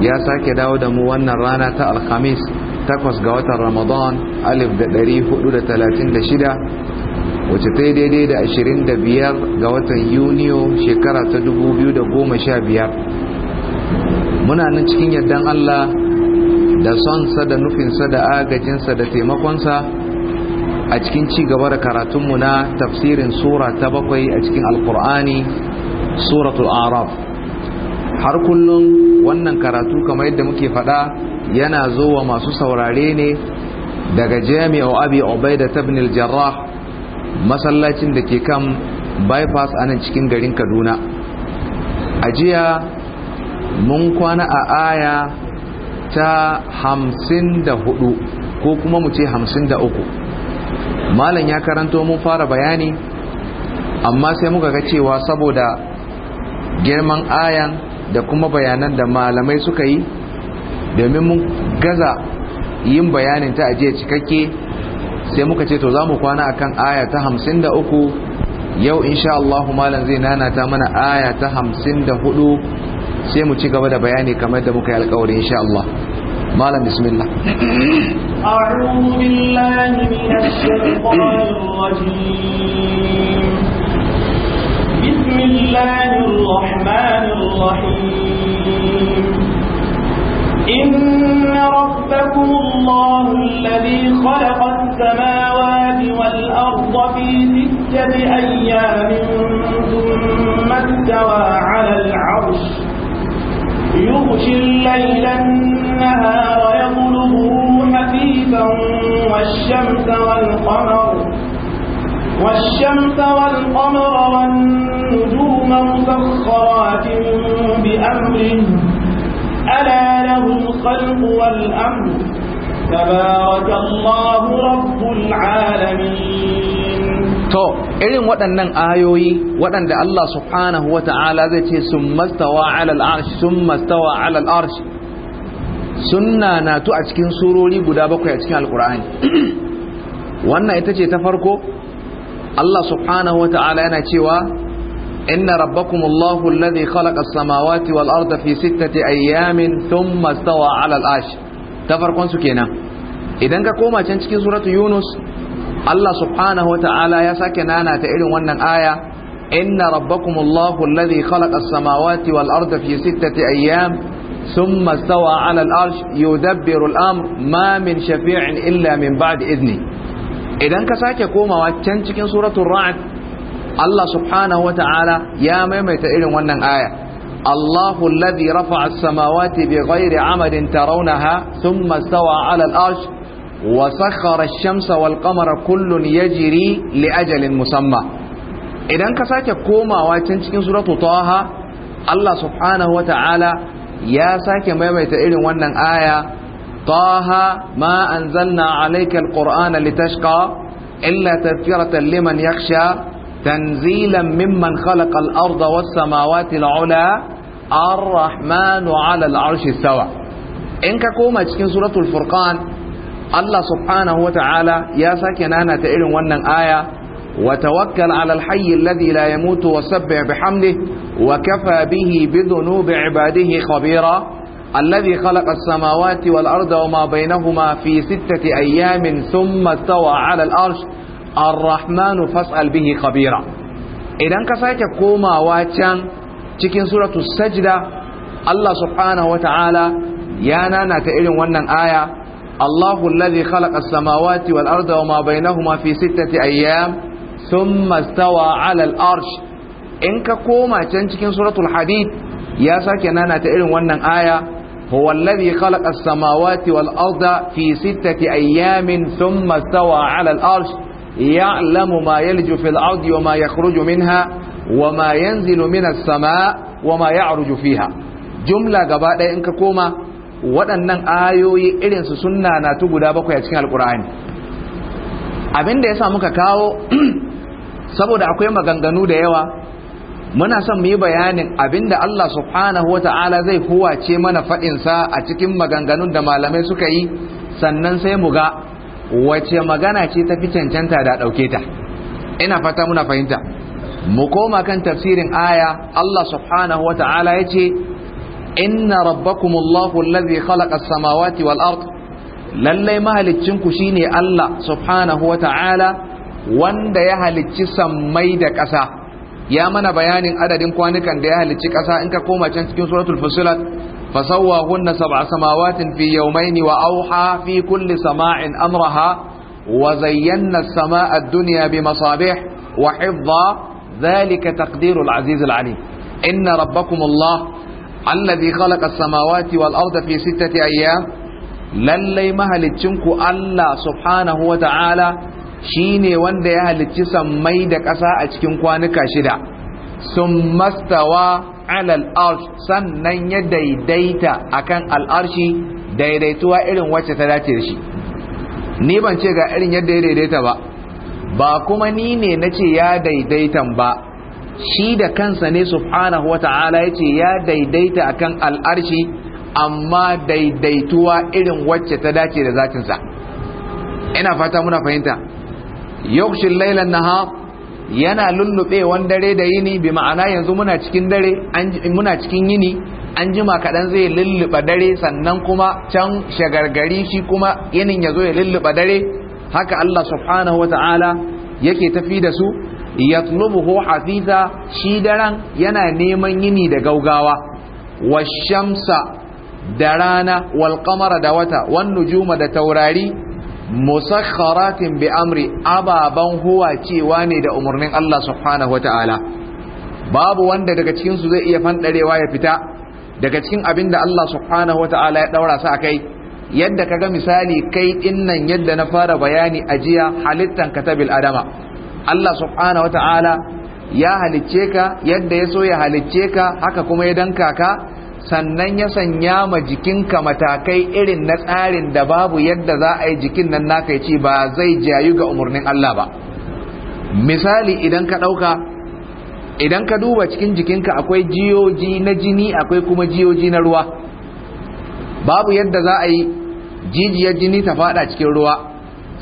ya sake dawo da mu wannan rana ta alhamis takwas ga watan ramadan alif da ɗari hudu da talatin da shida wacce ta yi daidai da ashirin biyar ga watan yuniyo shekara ta dubu goma sha biyar muna nan cikin yardan allah da sonsa da nufinsa da agajinsa da taimakonsa a cikin ci gaba da karatunmu na tafsirin sura ta bakwai a cikin alkur'ani suratul araf har kullum wannan karatu kamar yadda muke faɗa yana zo wa masu saurare ne daga jami'a abi ubaida ibn al-jarrah masallacin da ke kan bypass anan cikin garin kaduna a jiya mun kwana a aya ta hamsin ko kuma mu ce hamsin da malam ya karanto mun fara bayani amma sai muka ga cewa saboda girman ayan da kuma bayanan da malamai suka yi domin mun gaza yin bayanin ta ajiye cikakke sai muka ce to za mu kwana a kan aya ta hamsin da uku yau insha Allah malam zai nanata mana aya ta hamsin da hudu sai mu ci gaba da bayani kamar da muka yi alkawari insha Allah malam bismillah a'udhu billahi minash الشيطان بسم الله الرحمن الرحيم إن ربكم الله الذي خلق السماوات والأرض في ستة أيام ثم استوى على العرش يغشي الليل النهار يطلبه حثيثا والشمس والقمر والشمس والقمر والنهار مسخرات بأمره ألا له الخلق والأمر تبارك الله رب العالمين irin waɗannan ayoyi waɗanda Allah subhanahu zai ce sun mastawa alal arshi sun mastawa alal sunna na tu a cikin surori guda bakwai a cikin alkur'ani wannan ita ce ta farko Allah subhanahu wa ta'ala yana cewa إن ربكم الله الذي خلق السماوات والأرض في ستة أيام ثم استوى على العرش تفرقون سكينا إذا كما تنشكي سورة يونس الله سبحانه وتعالى يا ساكنانا تئلون ونن آية إن ربكم الله الذي خلق السماوات والأرض في ستة أيام ثم استوى على العرش يدبر الأمر ما من شفيع إلا من بعد إذنه إذا كساكي كوما وتنشكي سورة الرعد Allah subhanahu wa ta'ala ya maimaita irin wannan aya Allahu alladhi rafa'a as-samawati bighairi 'amadin tarawnaha thumma stawa 'ala al-'arsh wa sakhkhara ash-shamsa wal-qamara kullun yajri li ajalin musamma idan ka sake komawa can cikin suratu taha Allah subhanahu wa ta'ala ya sake maimaita irin wannan aya taha ma anzalna 'alayka al-qur'ana litashqa illa tadhkiratan liman yakhsha تنزيلا ممن خلق الأرض والسماوات العلى الرحمن على العرش استوى إن كوما cikin suratul furqan Allah subhanahu wa ta'ala ya sake nana ta irin wannan aya wa tawakkal ala alhayy alladhi la yamutu wa sabbih bihamdihi wa kafa bihi bi dhunubi ibadihi khabira الذي خلق السماوات والأرض وما بينهما في ستة أيام ثم استوى على الأرش ar-rahmanu fas'al khabira idan ka sake komawa can cikin suratu sajda Allah subhanahu wata'ala ya nana irin wannan aya Allahu alladhi khalaqa as-samawati wal arda wama bainahuma fi sittati ayyam thumma stawa 'ala al in ka koma can cikin suratul hadid ya sake nana irin wannan aya هو الذي خلق السماوات والأرض في ستة أيام ثم استوى على الأرش ya'lamu ma yalju fil ardi wa ma yakhruju minha wa ma yanzilu sama wa ma ya'ruju fiha jumla gabaɗaya in ka koma waɗannan ayoyi irin su sunna na tu guda bakwai a cikin alkur'ani abin da ya sa muka kawo saboda akwai maganganu da yawa muna son mu yi bayanin abinda Allah subhanahu wa ta'ala zai huwace mana faɗinsa a cikin maganganun da malamai suka yi sannan sai mu ga wace magana ce ta fi cancanta da ɗauke ta ina fata muna fahimta mu koma kan tafsirin aya Allah subhanahu wa ta'ala ya ce inna rabbakumullahu allazi khalaqa as-samawati wal ard lallai mahaliccinku shine Allah subhanahu wa ta'ala wanda ya halicci sammai da ƙasa ya mana bayanin adadin kwanukan da ya halicci ƙasa in ka koma can cikin suratul fusilat فسواهن سبع سماوات في يومين وأوحى في كل سماع أمرها وزينا السماء الدنيا بمصابيح وحفظا ذلك تقدير العزيز العليم إن ربكم الله الذي خلق السماوات والأرض في ستة أيام lallai mahaliccinku Allah subhanahu wa ta'ala shi ne wanda ya halicci sammai da ƙasa a cikin kwanuka shida sun mastawa alal san sannan ya daidaita akan al'arshi daidaituwa irin wacce ta dace da shi ni ban ce ga irin yadda ya daidaita ba ba kuma ni ne na ce ya daidaitan ba shi da kansa ne subhanahu wa ta'ala ya ce ya daidaita akan al'arshi amma daidaituwa irin wacce ta dace da zatinsa ina fata muna fahimta yau shi lailan nahar yana lullubewan dare da yini bi ma'ana yanzu muna cikin dare muna cikin yini an jima kaɗan zai lulluba dare sannan kuma can shagargari shi kuma yinin ya zo ya lulluba dare haka Allah subhanahu wata'ala yake tafi da su yatlubuhu hafiza shi daren yana neman yini da gaugawa washamsa da rana wal qamara da wata wan nujuma da taurari musakharatin bi amri ababan huwa cewa ne da umarnin Allah subhanahu wata'ala babu wanda daga cikin su zai iya fandarewa ya fita daga cikin abin da Allah subhanahu wata'ala ya daura sa kai yadda kaga misali kai dinnan yadda na fara bayani ajiya halittan katabil adama Allah subhanahu wata'ala ya halicce ka yadda ya so ya halicce ka haka kuma ya danka ka sannan ya sanya ma jikinka matakai irin na tsarin da babu yadda za a yi jikin nan naka ya ba zai jayu ga umarnin Allah ba misali idan ka ɗauka idan ka duba cikin jikinka akwai jiyoji na jini akwai kuma jiyoji na ruwa babu yadda za a yi jijiyar jini ta fada cikin ruwa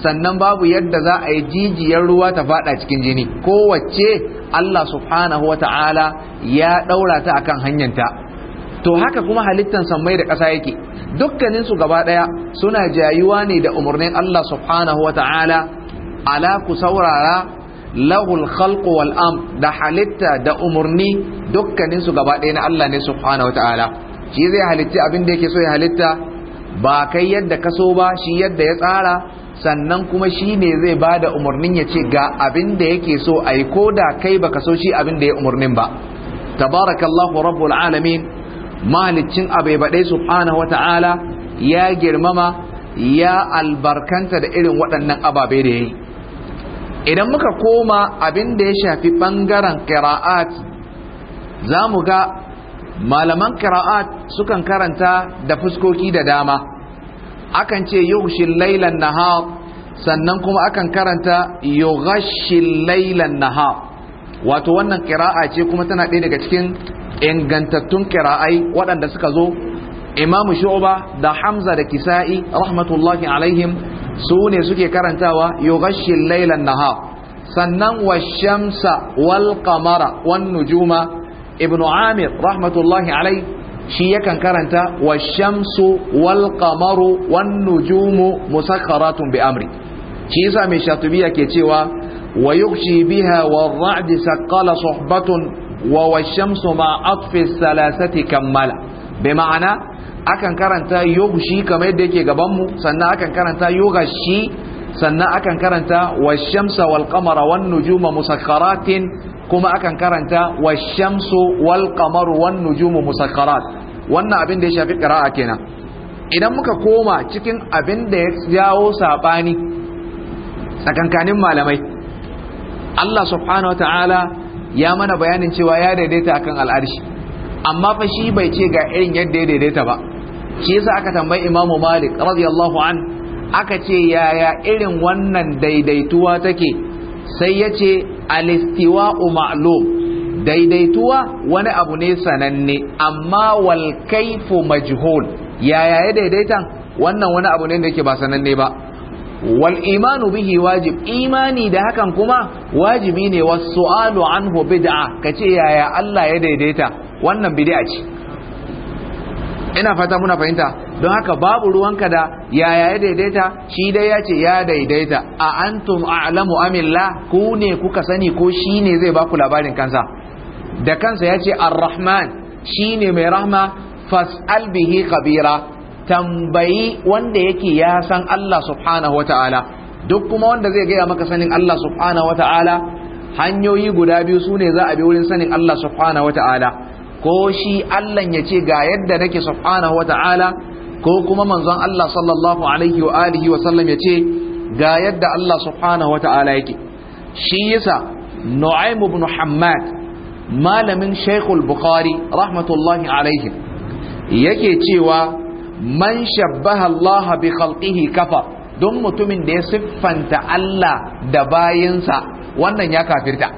sannan babu yadda za a yi jijiyar ruwa ta fada cikin jini kowace Allah subhanahu wa ta'ala ya ɗaura ta akan hanyanta to haka kuma halittan sammai da ƙasa yake dukkanin su gaba ɗaya suna jayuwa ne da umarnin Allah subhanahu wa ta'ala ala ku saurara lahul khalqu wal am da halitta da umarni dukkanin su gaba ɗaya na Allah ne subhanahu wa ta'ala shi zai halitta abin da yake so ya halitta ba kai yadda ka so ba shi yadda ya tsara sannan kuma shi ne zai bada da umarnin ya ce ga abin da yake so a yi ko da kai baka so shi abin da ya umarnin ba tabarakallahu rabbul alamin mahalicin abai baɗai wa wata'ala ya girmama ya albarkanta da irin waɗannan ababe da yi idan muka koma abin da ya shafi ɓangaren ƙira'at za mu ga malaman ƙira'at sukan karanta da fuskoki da dama akan ce yughshil lailan nahar sannan kuma akan karanta yughashil lailan nahar wato wannan ƙira'a ce kuma tana ɗaya daga cikin ingantattun kira'ai waɗanda suka zo imamu shu'ba da hamza da kisa'i rahmatullahi alaihim su ne suke karantawa yughashshil laylan nahar sannan washamsa wal qamara wan nujuma ibnu amir rahmatullahi alaihi shi yakan karanta washamsu wal qamaru wan nujumu musakharatun bi amri shi yasa mai shatubiya ke cewa wa yughshi biha war ra'd saqala suhbatun wa washamsu ma atfi salasati kammala bi ma'ana akan karanta yugshi kamar yadda yake gaban mu sannan akan karanta yugashi sannan akan karanta washamsa wal qamara wan nujuma musakkaratin kuma akan karanta washamsu wal qamaru wan nujumu musakkarat wannan abin da ya shafi qira'a kenan idan muka koma cikin abin da ya jawo sabani tsakankanin malamai Allah subhanahu wa ta'ala ya mana bayanin cewa ya daidaita akan al'arshi amma fa shi bai ce ga irin yadda ya daidaita ba shi yasa aka tambayi imamu malik radiyallahu an aka ce yaya irin wannan daidaituwa take sai ya ce alistiwa'u ma'lum daidaituwa wani abu ne sananne amma wal kaifu majhul yaya ya daidaitan wannan wani abu ne da yake ba sananne ba wal imanu bihi wajib imani da hakan kuma wajibi ne wasu'alu anhu Ka kace yaya Allah ya daidaita wannan bid'a ce ina fata muna fahimta don haka babu ruwanka da yaya ya daidaita shi dai ya ce ya daidaita a antum a'lamu amilla ku ne kuka sani ko shi ne zai baku labarin kansa da kansa ya ce ar-rahman shi ne mai rahma fas'al bihi kabira tambayi wanda yake ya san Allah subhanahu wata'ala duk kuma wanda zai gaya maka sanin Allah subhanahu wata'ala hanyoyi guda biyu su ne za a bi wurin sanin Allah subhanahu wata'ala ko shi Allah ya ce ga yadda nake subhanahu wata'ala ko kuma manzon Allah sallallahu alaihi wa alihi wa sallam ya ce ga yadda Allah subhanahu wata'ala yake shi yasa Nu'aym ibn Hammad malamin Shaykhul Bukhari rahmatullahi alaihi yake cewa man shabbaha Allah bi khalqihi kafa don mutumin da ya siffanta Allah da bayinsa wannan ya kafirta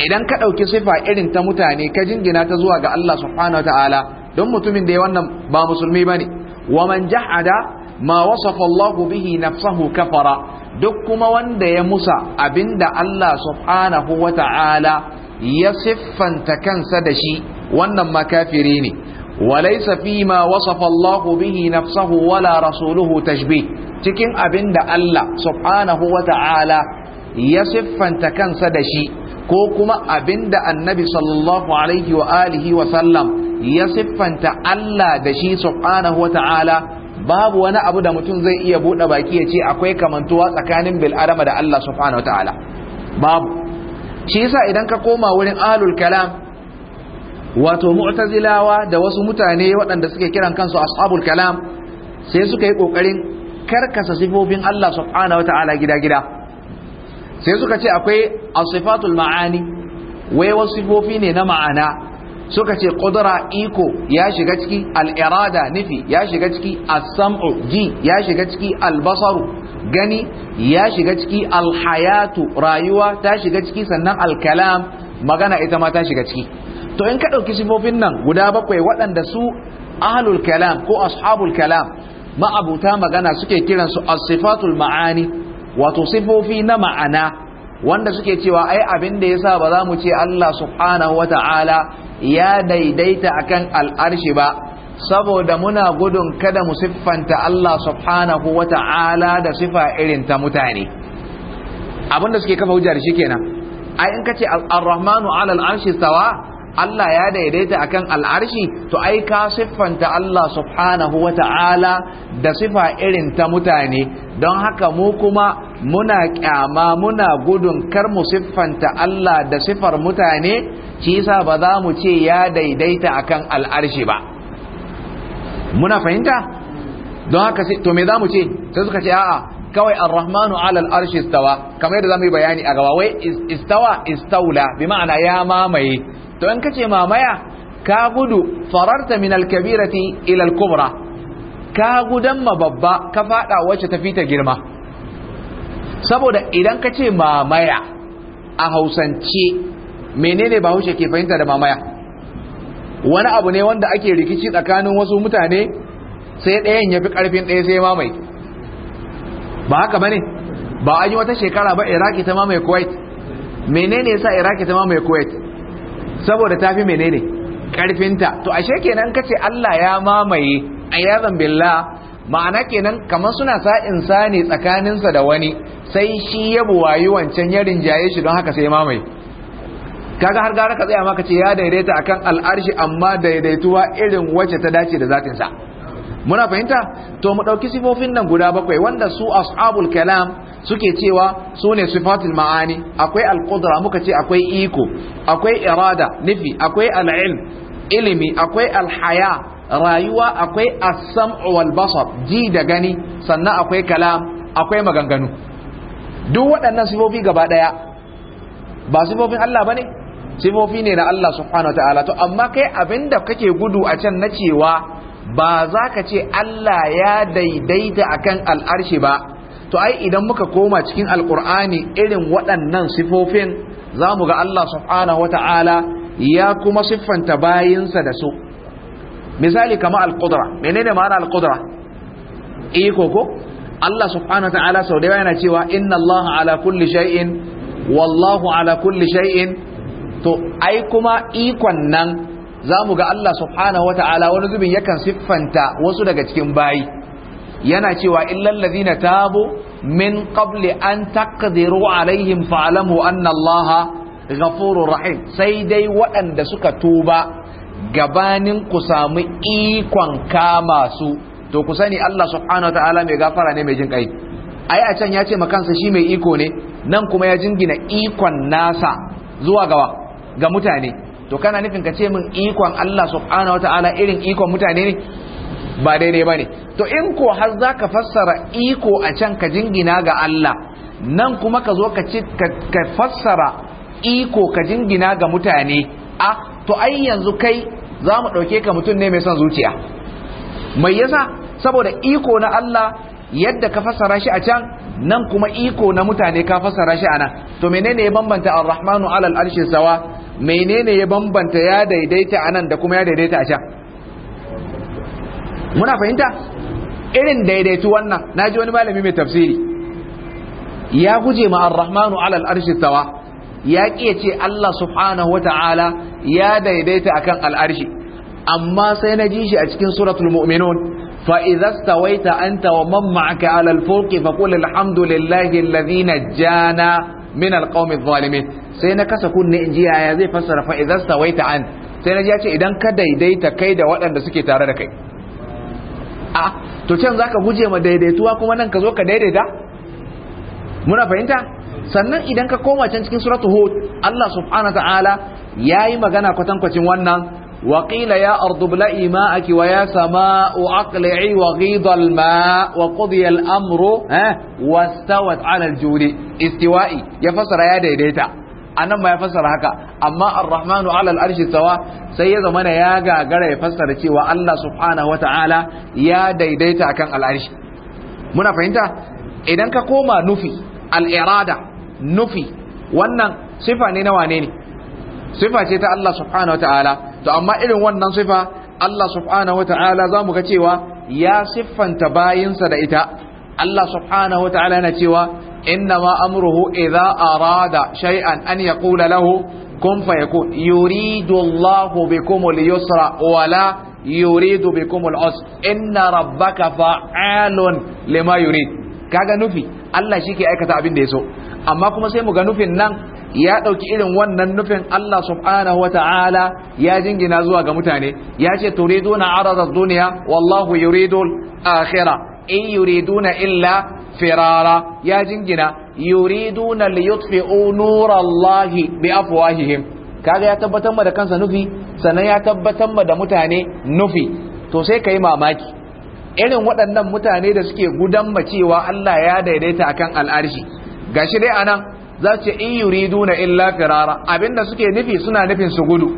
idan ka ɗauki sifa irin ta mutane ka jingina ta zuwa ga Allah subhanahu wa ta'ala don mutumin da ya wannan ba musulmi bane wa man jahada ma wasafa Allah bihi nafsahu kafara duk kuma wanda ya musa abinda Allah subhanahu wa ta'ala ya siffanta kansa da shi wannan makafiri ne وليس فيما وصف الله به نفسه ولا رسوله تشبيه cikin abin da Allah subhanahu wa ta'ala ya siffanta kansa da shi ko kuma abin da annabi sallallahu alaihi wa alihi wa sallam ya siffanta Allah da shi subhanahu wa ta'ala babu wani abu da mutum zai iya buɗe baki ya ce akwai kamantuwa tsakanin bil'adama da Allah subhanahu wa ta'ala babu shi yasa idan ka koma wurin alul kalam wato mu'tazilawa da wasu mutane waɗanda suke kiran kansu ashabul kalam sai suka yi kokarin karkasa sifofin Allah subhanahu wataala gida-gida sai suka ce akwai asifatul ma'ani wai wasu sifofi ne na ma'ana suka ce qudra iko ya shiga ciki al-irada nufi ya shiga ciki as ji ya shiga ciki al-basaru gani ya shiga ciki al-hayatu rayuwa ta shiga ciki sannan al-kalam magana ita ma ta shiga ciki to in ka ɗauki sifofin nan guda bakwai waɗanda su ahlul kalam ko ashabul kalam ma'abuta magana suke kiransu as-sifatul ma'ani wato sifofi na ma'ana wanda suke cewa ai abin da yasa ba za mu ce Allah subhanahu wata'ala ya daidaita akan al'arshi ba saboda muna gudun kada mu siffanta Allah subhanahu wata'ala da sifa irin ta mutane abinda suke kafa hujjar shi kenan ai in kace ar-rahmanu 'ala al-arshi stawa Allah ya daidaita akan al'arshi to ai ka siffanta Allah subhanahu wa ta'ala da sifa irin ta mutane don haka mu kuma muna kyama muna gudun kar mu siffanta Allah da sifar mutane shi sa ba za mu ce ya daidaita akan al'arshi ba muna fahimta don haka to me za mu ce sai suka ce a'a kawai ar-rahmanu alal arshi istawa kamar yadda zamu yi bayani a gaba wai istawa istaula bi ma'ana ya mamaye to an kace mamaya ka gudu fararta min alkabirati ila kubra, ka gudan ma babba ka fada wacce tafi ta girma saboda idan ka ce mamaya a hausance menene bahaushe ke fahimta da mamaya wani abu ne wanda ake rikici tsakanin wasu mutane sai ɗayan ya fi ƙarfin ɗaya sai mamaye ba haka ba ne ba a yi wata shekara ba iraki ta mamaye kuwait menene sa iraki ta mamaye kuwait saboda tafi menene karfinta to ashe kenan kace Allah ya mamaye ayyazan billah ma'ana kenan kamar suna sa insani tsakaninsa da wani sai shi ya buwayi wancan ya rinjaye shi don haka sai mamaye kaga har gara ka tsaya maka ce ya daidaita akan al'arshi amma daidaituwa irin wacce ta dace da zatinsa muna fahimta to mu ɗauki sifofin nan guda bakwai wanda su ashabul kalam suke cewa su ne sifatul ma'ani akwai alqudra muka ce akwai iko akwai irada nufi akwai al'ilm ilimi akwai alhaya rayuwa akwai as-sam'u wal basar ji da gani sannan akwai kalam akwai maganganu duk waɗannan sifofi gaba ɗaya ba sifofin Allah bane sifofi ne na Allah subhanahu wa to amma kai abinda kake gudu a can na cewa ba za ka ce Allah ya daidaita akan al'arshi ba to ai idan muka koma cikin alkur'ani irin waɗannan sifofin za mu ga Allah subhanahu wata'ala ya kuma siffanta bayinsa da su misali kama alƙudura menene ma'ana al’udura? E, koko? Allah subhanahu wata'ala sau da yawa yana cewa inna Allah ala kulli shay'in wallahu ala kulli shay'in to ai kuma ikon nan za mu ga Allah subhanahu wa ta'ala wani zubin yakan siffanta wasu daga cikin bayi yana cewa illal na tabo min qabli an taqdiru alaihim fa'alamu annallaha. Allah rahim sai dai waɗanda suka tuba gabanin ku samu ikon kama su to ku sani Allah subhanahu wa ta'ala mai gafara ne mai jin kai ai a can ya ce makansa shi mai iko ne nan kuma ya jingina ikon nasa zuwa gawa ga mutane to kana nufin ka ce min ikon Allah subhanahu wataala irin ikon mutane ne ba daidai ne. to in ko har za ka fassara iko a can ka jingina ga Allah nan kuma ka zo ka ci ka fassara iko ka jingina ga mutane a to ai yanzu kai za mu ɗauke ka mutum ne mai son zuciya mai yasa saboda iko na Allah yadda ka fassara shi a can nan kuma iko na mutane ka fassara shi anan to menene ya bambanta ar-rahmanu alal arshi sawa menene ya bambanta ya daidaita anan da kuma ya daidaita a can muna fahimta irin daidaitu wannan naji wani malami mai tafsiri ya guje ma ar-rahmanu alal arshi sawa ya ya ce Allah subhanahu wata'ala ya daidaita akan al'arshi amma sai na ji shi a cikin suratul mu'minun فإذا استويت أنت ومن معك على الفلك فقل الحمد لله الذي نجانا من القوم الظالمين sai na kasa kunne injiya ji yaya zai fassara fa idan stawaita an sai na ji ya ce idan ka daidaita kai da waɗanda suke tare da kai a to can zaka guje ma daidaituwa kuma nan ka zo ka daidaita muna fahimta sannan idan ka koma can cikin suratu hud Allah subhanahu ta'ala yayi magana kwatankwacin wannan وقيل يا أرض ابلئي ماءك ويا سماء أقلعي وغيض الماء وقضي الأمر ها واستوت على الجود استوائي يفسر يا ديديتا anan ma ya fassara haka amma ar-rahmanu ala al-arshi sawa sai ya zamana ya gagara ya fassara cewa Allah subhanahu wata'ala ya daidaita akan al-arshi muna fahimta idan ka koma nufi al-irada nufi wannan sifa na wane ne sifa ce ta Allah subhanahu wataala to amma irin wannan sifa Allah subhanahu wataala zamu ga cewa ya siffanta bayinsa da ita Allah subhanahu wataala yana cewa innama amruhu idza arada shay'an an yaqula lahu kun fayakun yuridu Allahu bikumul yusra wala yuridu bikumul usra inna rabbaka fa'alun lima yurid kaga nufi Allah shi ke aikata abin da ya so amma kuma sai mu ga nufin nan ya ɗauki irin wannan nufin Allah subhanahu Ta'ala ya jingina zuwa ga mutane ya ce turiduna arada duniya wallahu yuridu akhira in yuriduna illa firara ya jingina yuriduna liyutfi'u nurallahi bi afwahihim kaga ya tabbatar ma da kansa nufi sannan ya tabbatar ma da mutane nufi to sai yi mamaki irin waɗannan mutane da suke gudan cewa Allah ya daidaita akan al'arshi gashi dai anan za su ce in duna illa firara abinda suke nufi suna nufin su gudu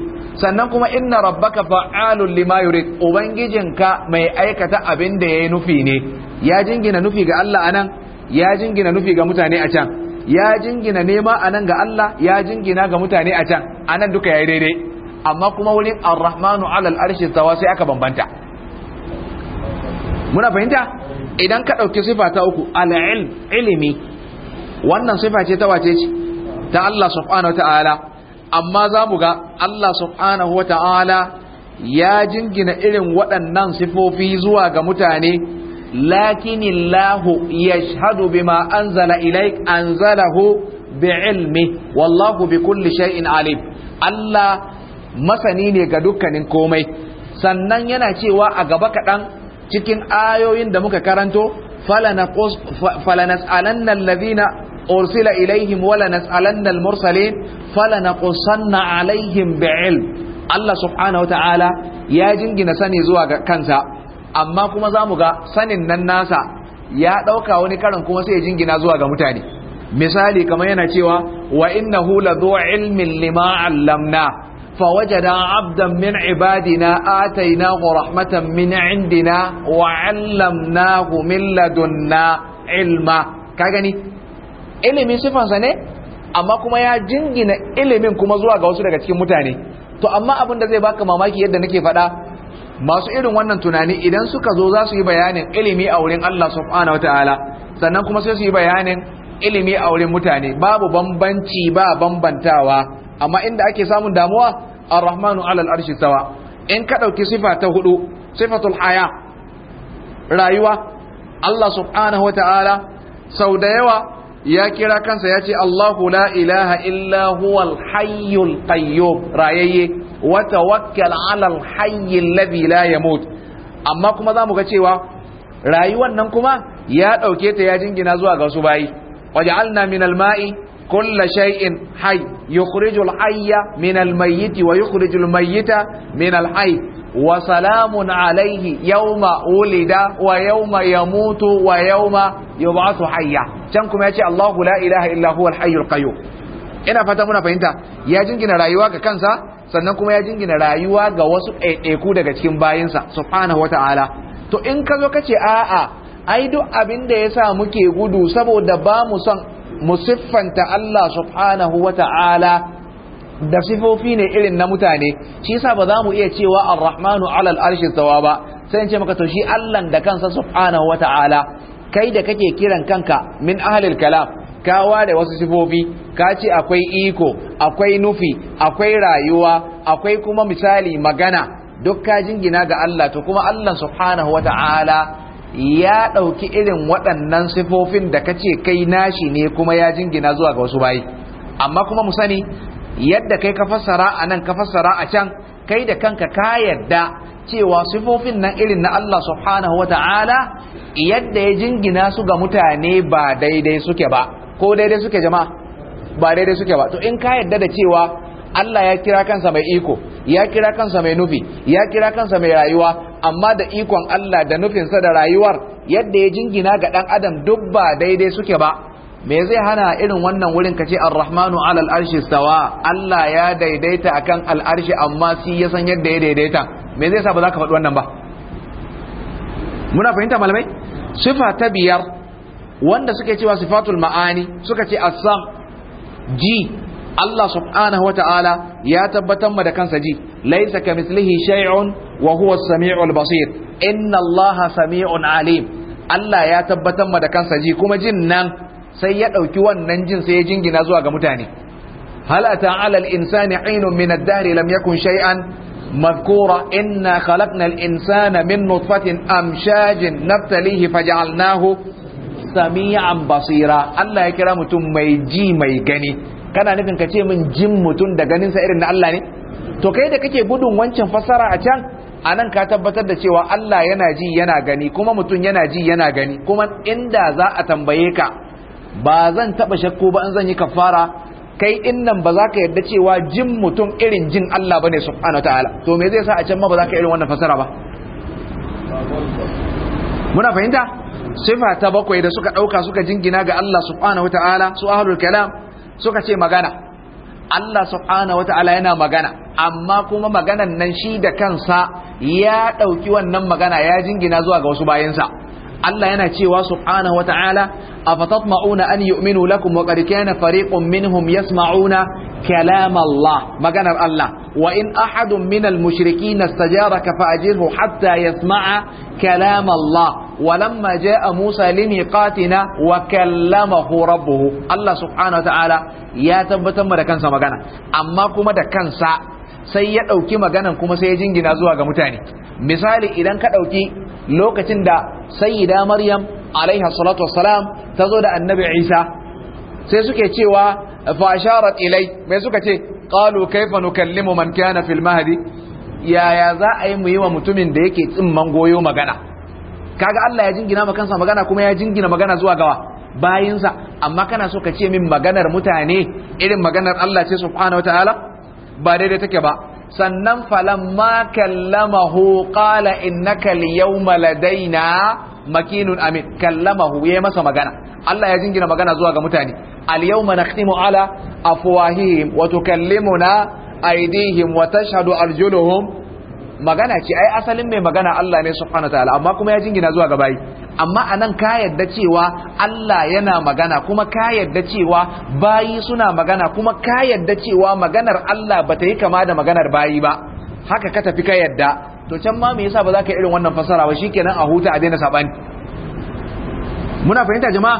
sannan kuma inna rabbaka fa'alun lima yurid ubangijinka mai aikata abin da yayi nufi ne ya jingina nufi ga Allah anan ya jingina nufi ga mutane a can ya jingina nema anan ga Allah ya jingina ga mutane a can anan duka yayi daidai amma kuma wurin ar-rahmanu 'alal arshi tawa sai aka bambanta muna fahimta idan ka ɗauki sifa ta uku al ilimi wannan sifa ce ta wace ce ta Allah subhanahu ta'ala amma za mu ga Allah subhanahu ta'ala ya jingina irin waɗannan sifofi zuwa ga mutane lakinillahu yashhadu bima anzala ilaik anzalahu ilmi wallahu bi kulli shay'in alim Allah masani ne ga dukkanin komai sannan yana cewa a gaba kaɗan cikin ayoyin da muka karanto falanas'alanna alladhina أرسل إليهم ولنسألن المرسلين فلنقصن عليهم بعلم الله سبحانه وتعالى يا jingina سني زوا كنسا أما كما kuma za الناس يا دوكا nan كما سي ɗauka زوا karan misali kamar yana cewa wa innahu ladhu ilmin lima allamna fa wajada abdan min ibadina atainahu rahmatan min indina wa allamnahu min ladunna ilma ka gani ilimin sifansa ne amma kuma ya jingina ilimin kuma zuwa ga wasu daga cikin mutane to amma abin da zai baka mamaki yadda nake faɗa masu irin wannan tunani idan suka zo za su yi bayanin ilimi a wurin Allah subhanahu wataala sannan kuma sai su yi bayanin ilimi a wurin mutane babu bambanci ba bambantawa amma inda ake samun damuwa ar-rahmanu alal arshi sawa in ka ɗauki sifa ta hudu sifatul haya rayuwa Allah subhanahu wataala sau da yawa ya kira kansa ya ce Allahu la ilaha illa huwal hayyul qayyum rayayye wa tawakkal ala al hayyil ladhi la yamut amma kuma zamu ga cewa rayuwan nan kuma ya dauke ta ya jingina zuwa ga wasu bayi waj'alna min al ma'i kulla shay'in hayy yukhrijul hayya min al mayyit wa yukhrijul mayyita min al wa salamun alaihi yawma ulida wa yawma yamutu wa yawma yub'athu hayya can kuma yace Allahu la ilaha illa huwa al ina fata muna fahimta ya jingina rayuwa ga kansa sannan kuma ya jingina rayuwa ga wasu ɗaiɗaiku daga cikin bayansa subhanahu wa ta'ala. to in ka zo ka ce a'a ai duk abin da yasa muke gudu saboda ba mu son mu siffanta Allah subhanahu wa ta'ala. da sifofi ne irin na mutane shi yasa ba za mu iya cewa ar-rahmanu alal arshi tawa ba sai in ce maka to shi Allah da kansa subhanahu wata'ala kai da kake kiran kanka min ahlil kalam ka ware wasu sifofi ka ce akwai iko akwai nufi akwai rayuwa akwai kuma misali magana duk ka jingina ga Allah to kuma Allah subhanahu wata'ala ya ɗauki irin waɗannan sifofin da kace kai nashi ne kuma ya jingina zuwa ga wasu bayi amma kuma mu sani yadda kai ka fassara a nan ka fassara a can kai da kanka ka yadda cewa sifofin nan irin na Allah subhanahu wa ta'ala yadda ya jingina su ga mutane ba daidai suke ba ko daidai suke jama'a ba daidai suke ba to in ka yadda da cewa Allah ya kira kansa mai iko ya kira kansa mai nufi ya kira kansa mai rayuwa amma da ikon Allah da nufinsa da rayuwar yadda ya jingina ga dan adam duk ba daidai suke ba me zai hana irin wannan wurin kace ar-rahmanu alal arshi sawa? Allah ya daidaita akan al'arshi amma shi ya san yadda ya daidaita me zai sa ba za ka faɗi wannan ba muna fahimta malamai sifa ta biyar wanda suke cewa sifatul ma'ani suka ce asam ji Allah subhanahu wata'ala ya tabbatar ma da kansa ji ka mislihi shay'un wa huwa as-sami'ul basir inna Allah sami'un alim Allah ya tabbatar ma da kansa ji kuma jin nan sai ya ɗauki wannan jin sai ya jingina zuwa ga mutane hal alal ala al insani aynun min ad-dahr lam yakun shay'an مذكورة إنا خلقنا الإنسان من نطفة أمشاج نبتليه فجعلناه سميعا mai الله يكرم تم ميجي ميجني كان نفن كتير da جم تن دغنين سائرنا الله ne to kai da kake gudun wancan fassara a can anan ka tabbatar da cewa Allah yana ji yana gani kuma mutum yana ji yana gani kuma inda za a tambaye ka ba zan taba shakku ba in zan yi kafara kai din nan ba za ka yarda cewa jin mutum irin jin Allah bane subhanahu ta'ala to me zai sa a can ma ba za ka irin wannan fasara ba muna fahimta sifa ta bakwai da suka dauka suka jingina ga Allah subhanahu ta'ala su ahlul kalam suka ce magana Allah subhanahu ta'ala yana magana amma kuma maganan nan shi da kansa ya dauki wannan magana ya jingina zuwa ga wasu bayansa Allah yana cewa subhanahu wata'ala fatatma'una an yu'minu lakum wa qad kana fariqun minhum yasma'una kalam Allah maganar Allah wa in ahadun minal mushrikin istajaraka fa'ajirhu hatta yasma'a kalam Allah ولما جاء موسى لميقاتنا وكلمه ربه الله سبحانه وتعالى يا تبتن da kansa magana amma kuma da kansa sai ya ɗauki maganan kuma sai ya jingina zuwa ga mutane misali idan ka ɗauki. lokacin da sayyida maryam alaiha salatu wassalam ta zo da annabi isa sai suke cewa fa asharat ilai mai suka ce qalu kaifa nukallimu man kana fil mahdi yaya za a yi muyi wa mutumin da yake tsimman goyo magana kaga Allah ya jingina maka kansa magana kuma ya jingina magana zuwa gawa bayinsa amma kana so ka ce min maganar mutane irin maganar Allah ce subhanahu wataala ba daidai take ba sannan falamma kallamahu qala innaka al-yawma ladaina makinun amin kallamahu yayi masa magana Allah ya jingina magana zuwa ga mutane al-yawma nakhtimu ala afwahihim wa tukallimuna aydihim wa tashhadu arjuluhum magana ce ai asalin mai magana Allah ne subhanahu wa ta'ala amma kuma ya jingina zuwa ga bayi amma anan ka yadda cewa Allah yana magana kuma ka yadda cewa bayi suna magana kuma ka yadda cewa maganar Allah bata yi kama da maganar bayi ba haka ka tafi ka yadda to can ma me yasa ba za ka irin wannan fasara ba shikenan a huta a daina sabani muna fahimta jama'a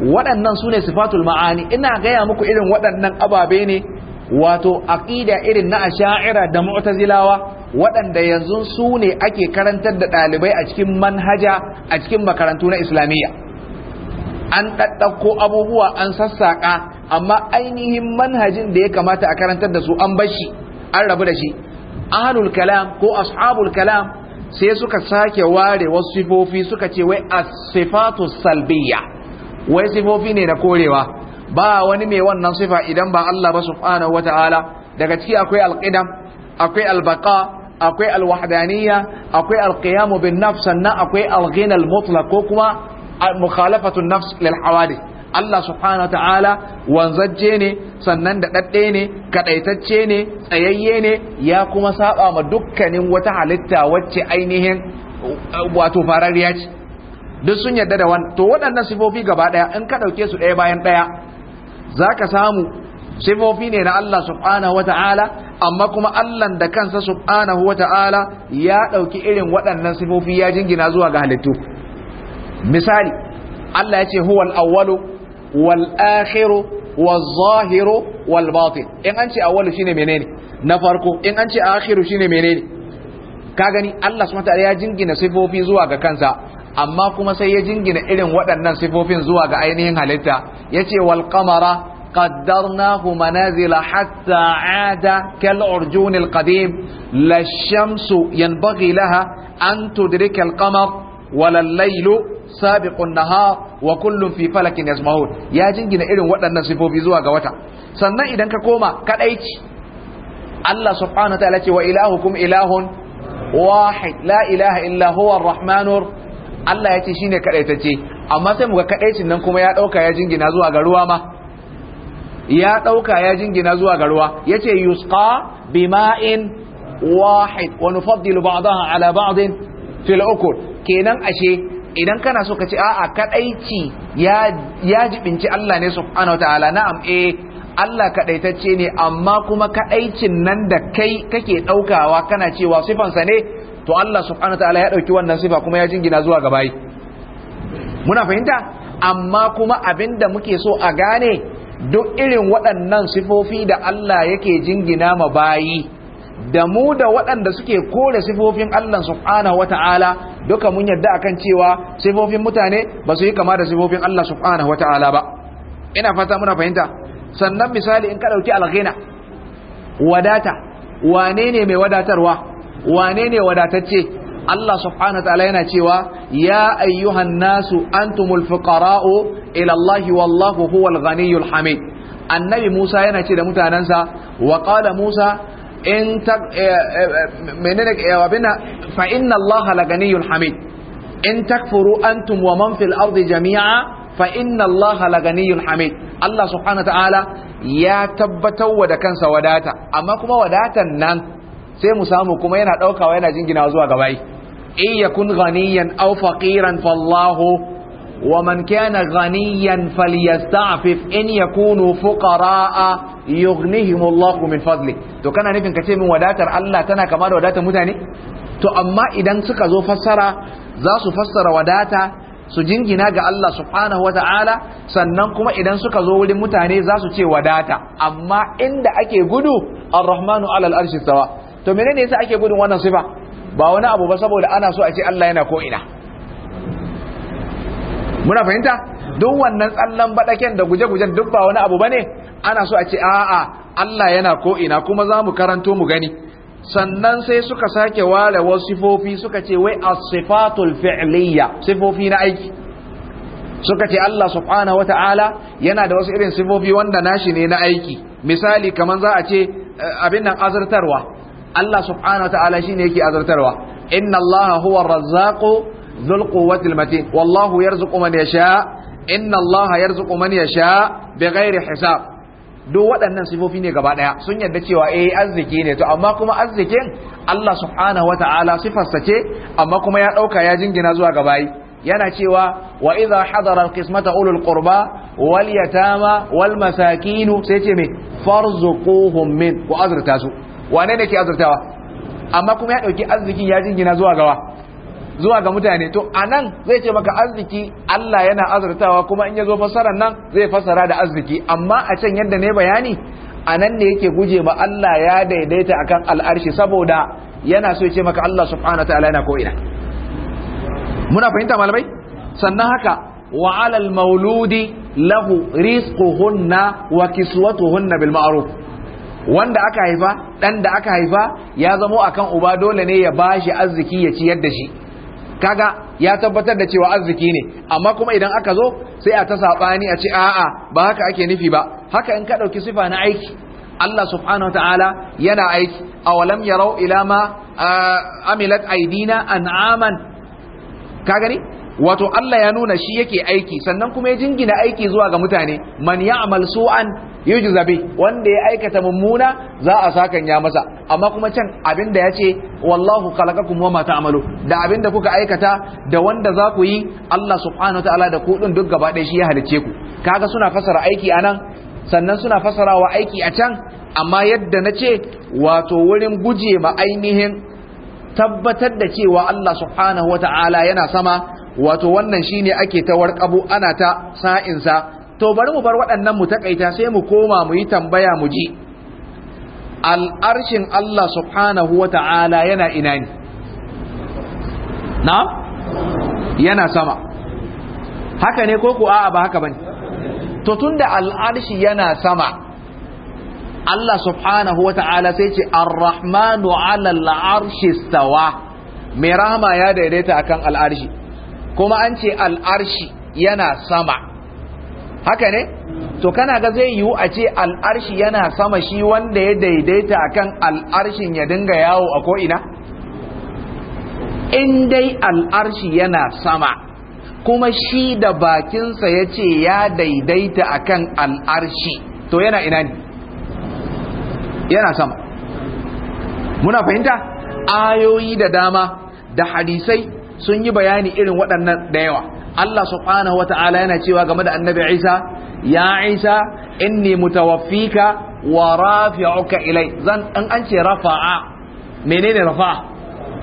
waɗannan sune sifatul ma'ani ina gaya muku irin waɗannan ababe ne wato aqida irin na asha'ira da mu'tazilawa waɗanda yanzu su ne ake karantar da ɗalibai a cikin manhaja a cikin makarantu na islamiyya an ɗaɗɗauko abubuwa an sassaƙa amma ainihin manhajin da ya kamata a karantar da su an bashi an rabu da shi ahlul kalam ko ashabul kalam sai suka sake ware wasu sifofi suka ce wai asifatu sifatu salbiyya wai sifofi ne na korewa ba wani mai wannan sifa idan ba Allah ba subhanahu wataala daga ciki akwai alqidam akwai albaqa akwai alwahdaniya akwai alqiyamu bin nafs sannan akwai alghina almutlaq ko kuma mukhalafatu nafs lil hawadith Allah subhanahu wa ta'ala wanzajje ne sannan da ɗaɗɗe ne kaɗaitacce ne tsayayye ne ya kuma saba ma dukkanin wata halitta wacce ainihin uh, wato farariya ce duk sun yarda da wani to waɗannan sifofi gaba ɗaya in ka ɗauke su ɗaya bayan ɗaya za ka samu sifofi ne na Allah subhanahu wa ta'ala amma kuma Allah da kansa subhanahu ta'ala ya ɗauki irin waɗannan sifofi ya jingina zuwa ga halittu misali Allah ya ce huwal awwalu wal akhiru waz zahiru wal batin in an ce awwalu shine menene na farko in an ce akhiru shine menene ka gani Allah subhanahu wata'ala ya jingina sifofi zuwa ga kansa amma kuma sai ya jingina irin waɗannan sifofin zuwa ga ainihin halitta yace wal qamara قدرناه منازل حتى عاد كالعرجون القديم لا الشمس ينبغي لها أن تدرك القمر ولا الليل سابق النهار وكل في فلك يسمعون يا جنجنا إلن وطن صفوفي زوا قوتا سنة إذن ككوما كالأيت الله سبحانه وتعالى وإلهكم إله واحد لا إله إلا هو الرحمن Allah ya ce shine kadaitacce amma sai muga kadaicin nan kuma ya dauka ya jingina zuwa ga ruwa ma ya ɗauka ya jingina zuwa ga ruwa ya ce yusqa bima'in wahid wa nufaddilu ba'daha ala ba'din fil kenan ashe idan kana so ka ce a'a kadaici ya ya jibinci Allah ne subhanahu wataala na'am eh Allah kadaitacce ne amma kuma kadaicin nan da kai kake daukawa kana cewa sifansa ne to Allah subhanahu wataala ya dauki wannan sifa kuma ya jingina zuwa ga bayi muna fahimta amma kuma abinda muke so a gane duk irin waɗannan sifofi da Allah yake jingina ma bayi da mu da waɗanda suke kore sifofin Allah subhanahu wata'ala duka mun yarda akan cewa sifofin mutane ba su yi kama da sifofin Allah subhanahu wata'ala ba ina fata muna fahimta sannan misali in ka ɗauki alghina wadata wane ne mai wadatarwa wane ne wadatacce Allah subhanahu ta'ala yana cewa ya ayyuhan nasu antumul fuqara'u ila Allah wallahu huwal ghaniyyul hamid annabi Musa yana ce da mutanansa wa qala Musa in ta eh, eh, menene eh, fa inna Allah la ghaniyyul hamid in takfuru antum wa man fil ardi jami'a fa inna Allah la ghaniyyul hamid Allah subhanahu ta'ala ya tabbatar wa da kansa wadata amma kuma wadatan nan sai mu samu kuma yana ɗaukawa yana jingina zuwa gabai in yakun ghaniyan aw faqiran fallahu ومن كان غنيا فليستعفف إن يكونوا فقراء يغنيهم to kana nufin kace min wadatar Allah tana kama da wadatar mutane to amma idan suka zo fassara za su fassara wadata su jingina ga Allah subhanahu sannan kuma idan suka zo wurin mutane za su ce wadata amma inda ake gudu ar-rahmanu alal arshi sawa to menene yasa ake gudun wannan sifa ba wani abu ba saboda ana so a ce Allah yana ko ina muna fahimta duk wannan tsallan baɗaken da guje-gujen duk ba wani abu ba ne ana so a ce a'a Allah yana ko ina kuma za mu karanto mu gani sannan sai suka sake ware wasu sifofi suka ce wai Asifatul sifatul sifofi na aiki suka ce Allah subhanahu wata'ala yana da wasu irin sifofi wanda nashi ne na aiki misali kamar za a ce eh, abin nan azurtarwa Allah subhanahu wa ta'ala shine yake azartarwa inna Allah huwa razzaqu dhul quwwati matin wallahu yarzuqu man yasha inna Allah yarzuqu man yasha bighairi hisab duk waɗannan sifofi ne gaba ɗaya sun yadda cewa eh arziki ne to amma kuma arzikin Allah subhanahu wa ta'ala sifarsa ce amma kuma ya ɗauka ya jingina zuwa gabayi yana cewa wa idza hadara alqismata ulul qurba wal yatama wal masakin sai ce me farzuquhum min wa azrta su wane ne ke azurtawa amma kuma ya dauki arzikin ya jingina zuwa gawa zuwa ga mutane to anan zai ce maka arziki Allah yana azurtawa kuma in ya zo fassarar nan zai fasara da arziki amma a can yadda ne bayani anan ne yake guje ma Allah ya daidaita akan al'arshi saboda yana so ya ce maka Allah subhanahu ta'ala yana ko ina muna fahimta malamai sannan haka wa alal mauludi lahu rizquhunna wa kiswatuhunna bil ma'ruf wanda aka haifa dan da aka haifa ya zamo akan uba dole ne ya bashi arziki ya ci yadda shi kaga ya tabbatar da cewa arziki ne amma kuma idan aka zo sai a ta sabani a ce a'a ba haka ake nufi ba haka in ka dauki sifa na aiki Allah subhanahu Ta'ala yana aiki awalam yarau ila ma ah, amilat aidina an'aman ka gani wato Allah ya nuna shi yake aiki sannan kuma ya jingina aiki zuwa ga mutane man ya'mal su'an yujza bi wanda ya aikata mummuna za a sakan ya masa amma kuma can abinda yace wallahu khalaqakum ma ta'malu da abinda kuka aikata da wanda za ku yi Allah subhanahu wataala da ku din duk gaba ɗaya shi ya halicce ku kaga suna fasara aiki anan sannan suna fasara wa aiki a can amma yadda na ce wato wurin guje ma ainihin tabbatar da cewa Allah subhanahu wataala yana sama wato wannan shine ake ta warqabu ana ta sa, to bari mu bar waɗannan mu takaita sai mu koma mu yi tambaya mu ji al'arshin Allah subhanahu wa ta'ala yana ina ne na'am yana sama haka ne ko ku a'a ba haka bane to tunda al'arshi yana sama Allah subhanahu wa ta'ala sai ce ar-rahmanu 'ala al-arshi stawa mai rahama ya daidaita akan al'arshi kuma an ce al'arshi yana sama haka ne to kana ga zai yiwu a ce al'arshi yana sama shi wanda ya daidaita akan al'arshin ya dinga yawo a ko'ina in dai al'arshi yana sama kuma shi da bakinsa ya ce ya daidaita akan al'arshi to yana ina ne yana sama muna fahimta ayoyi da dama da hadisai sun yi bayani irin waɗannan da yawa Allah subhanahu taala yana cewa game da annabi Isa ya Isa inni mutawaffika wa rafi'uka ilai zan an an ce rafa'a menene rafa'a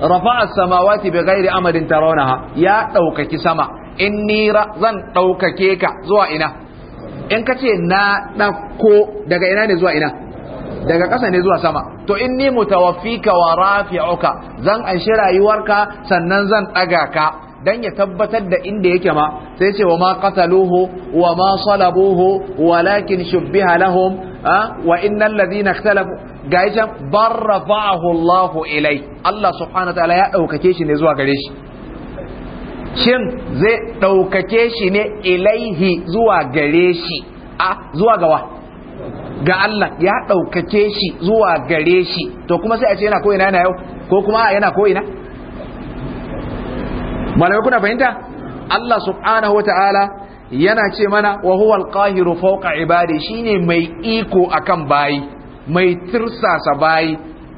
rafa'a samawati bi ghairi amadin tarawnaha ya daukaki sama inni ra zan daukake ka zuwa ina in ka ce na ɗauko daga ina ne zuwa ina daga ƙasa ne zuwa sama to inni mutawaffika wa rafi'uka zan anshi rayuwarka sannan zan ɗaga ka dan ya tabbatar da inda yake ma sai ce wa ma qataluhu wa ma salabuhu walakin shubbiha lahum wa innal ladina ikhtalafu gayi barrafa'ahu Allah ilai Allah subhanahu ta'ala ya daukake shi ne zuwa gare shi shin zai daukake shi ne ilaihi zuwa gare shi a zuwa gawa ga Allah ya ɗaukace shi zuwa gare shi to kuma sai a ce yana koyina yana yau ko kuma yana koyina malamai kuna fahimta Allah subhanahu wa ta'ala yana ce mana wa huwa alqahiru fawqa ibadi shine mai iko akan bayi mai tirsasa bayi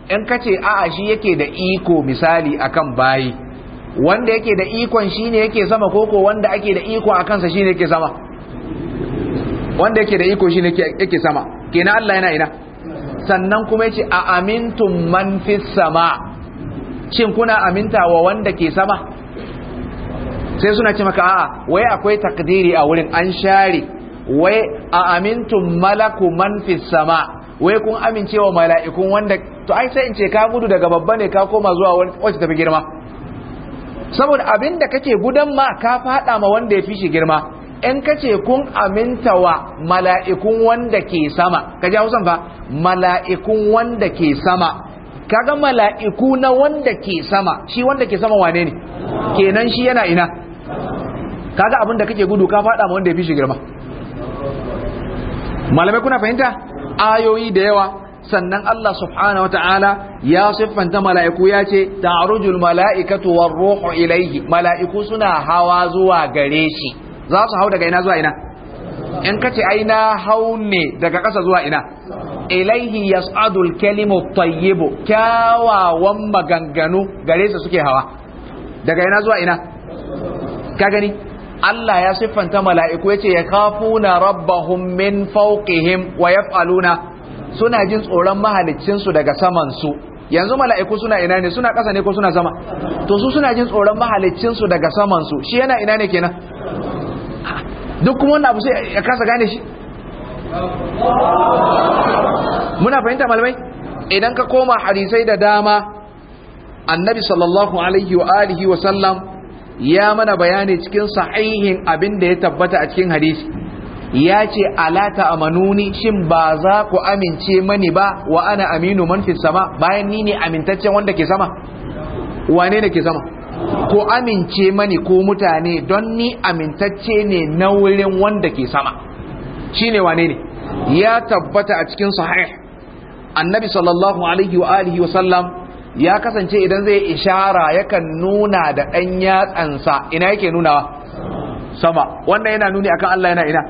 in kace a'a shi yake da iko misali akan bayi wanda yake da ikon shine yake sama koko wanda ake da iko akan sa shine yake sama wanda yake da iko shine yake sama kenan Allah yana ina sannan kuma yace a amintum man fis sama shin kuna aminta wa wanda ke sama sai suna ce maka a'a wai akwai takdiri a wurin an share wai a amintum malaku man fis sama wai kun amincewa mala'ikun wanda to ai sai in ce ka gudu daga babba ne ka koma zuwa wacce tafi girma saboda abinda da kake gudan ma ka fada ma wanda ya fi shi girma in ka ce kun aminta wa mala'ikun wanda ke sama ka ji hausan fa mala'ikun wanda ke sama kaga mala'iku na wanda ke sama shi wanda ke sama wane ne kenan shi yana ina kaga abin da kake gudu ka faɗa ma wanda ya fi shi girma malamai kuna fahimta ayoyi da yawa sannan Allah subhanahu Ta'ala ya siffanta mala'iku ya ce ta'arujul mala'ikatu war ruhu ilaihi mala'iku suna hawa zuwa gare shi za su hau daga ina zuwa ina in ka ce ai na hau ne daga ƙasa zuwa ina ilaihi yas'adul kalimu tayyibu kyawawan maganganu gare su suke hawa daga ina zuwa ina ka gani Allah ya siffanta mala'iku yace ya kafuna rabbahum min fawqihim wa yaf'aluna suna jin tsoron mahaliccin su daga saman su yanzu mala'iku suna ina ne suna ƙasa ne ko suna sama to su suna jin tsoron mahaliccin su daga saman su shi yana ina ne kenan duk kuma wannan abu sai ya kasa gane shi muna fahimta malamai idan ka koma hadisai da dama annabi sallallahu alaihi wa alihi wa sallam ya mana bayani cikin sahihin abin da ya tabbata a cikin hadisi ya ce alata amanuni shin ba za ku amince mani ba wa ana aminu man fi sama bayan ni ne amintaccen wanda ke sama wane ne ke sama ko amince mani ko mutane don ni amintacce ne na wurin wanda ke sama Shi ne wane ne ya tabbata a cikin sahih annabi sallallahu alaihi wa alihi wa sallam ya kasance idan zai ishara yakan nuna da ɗan yatsansa ina yake nuna sama wannan yana nuni akan Allah yana ina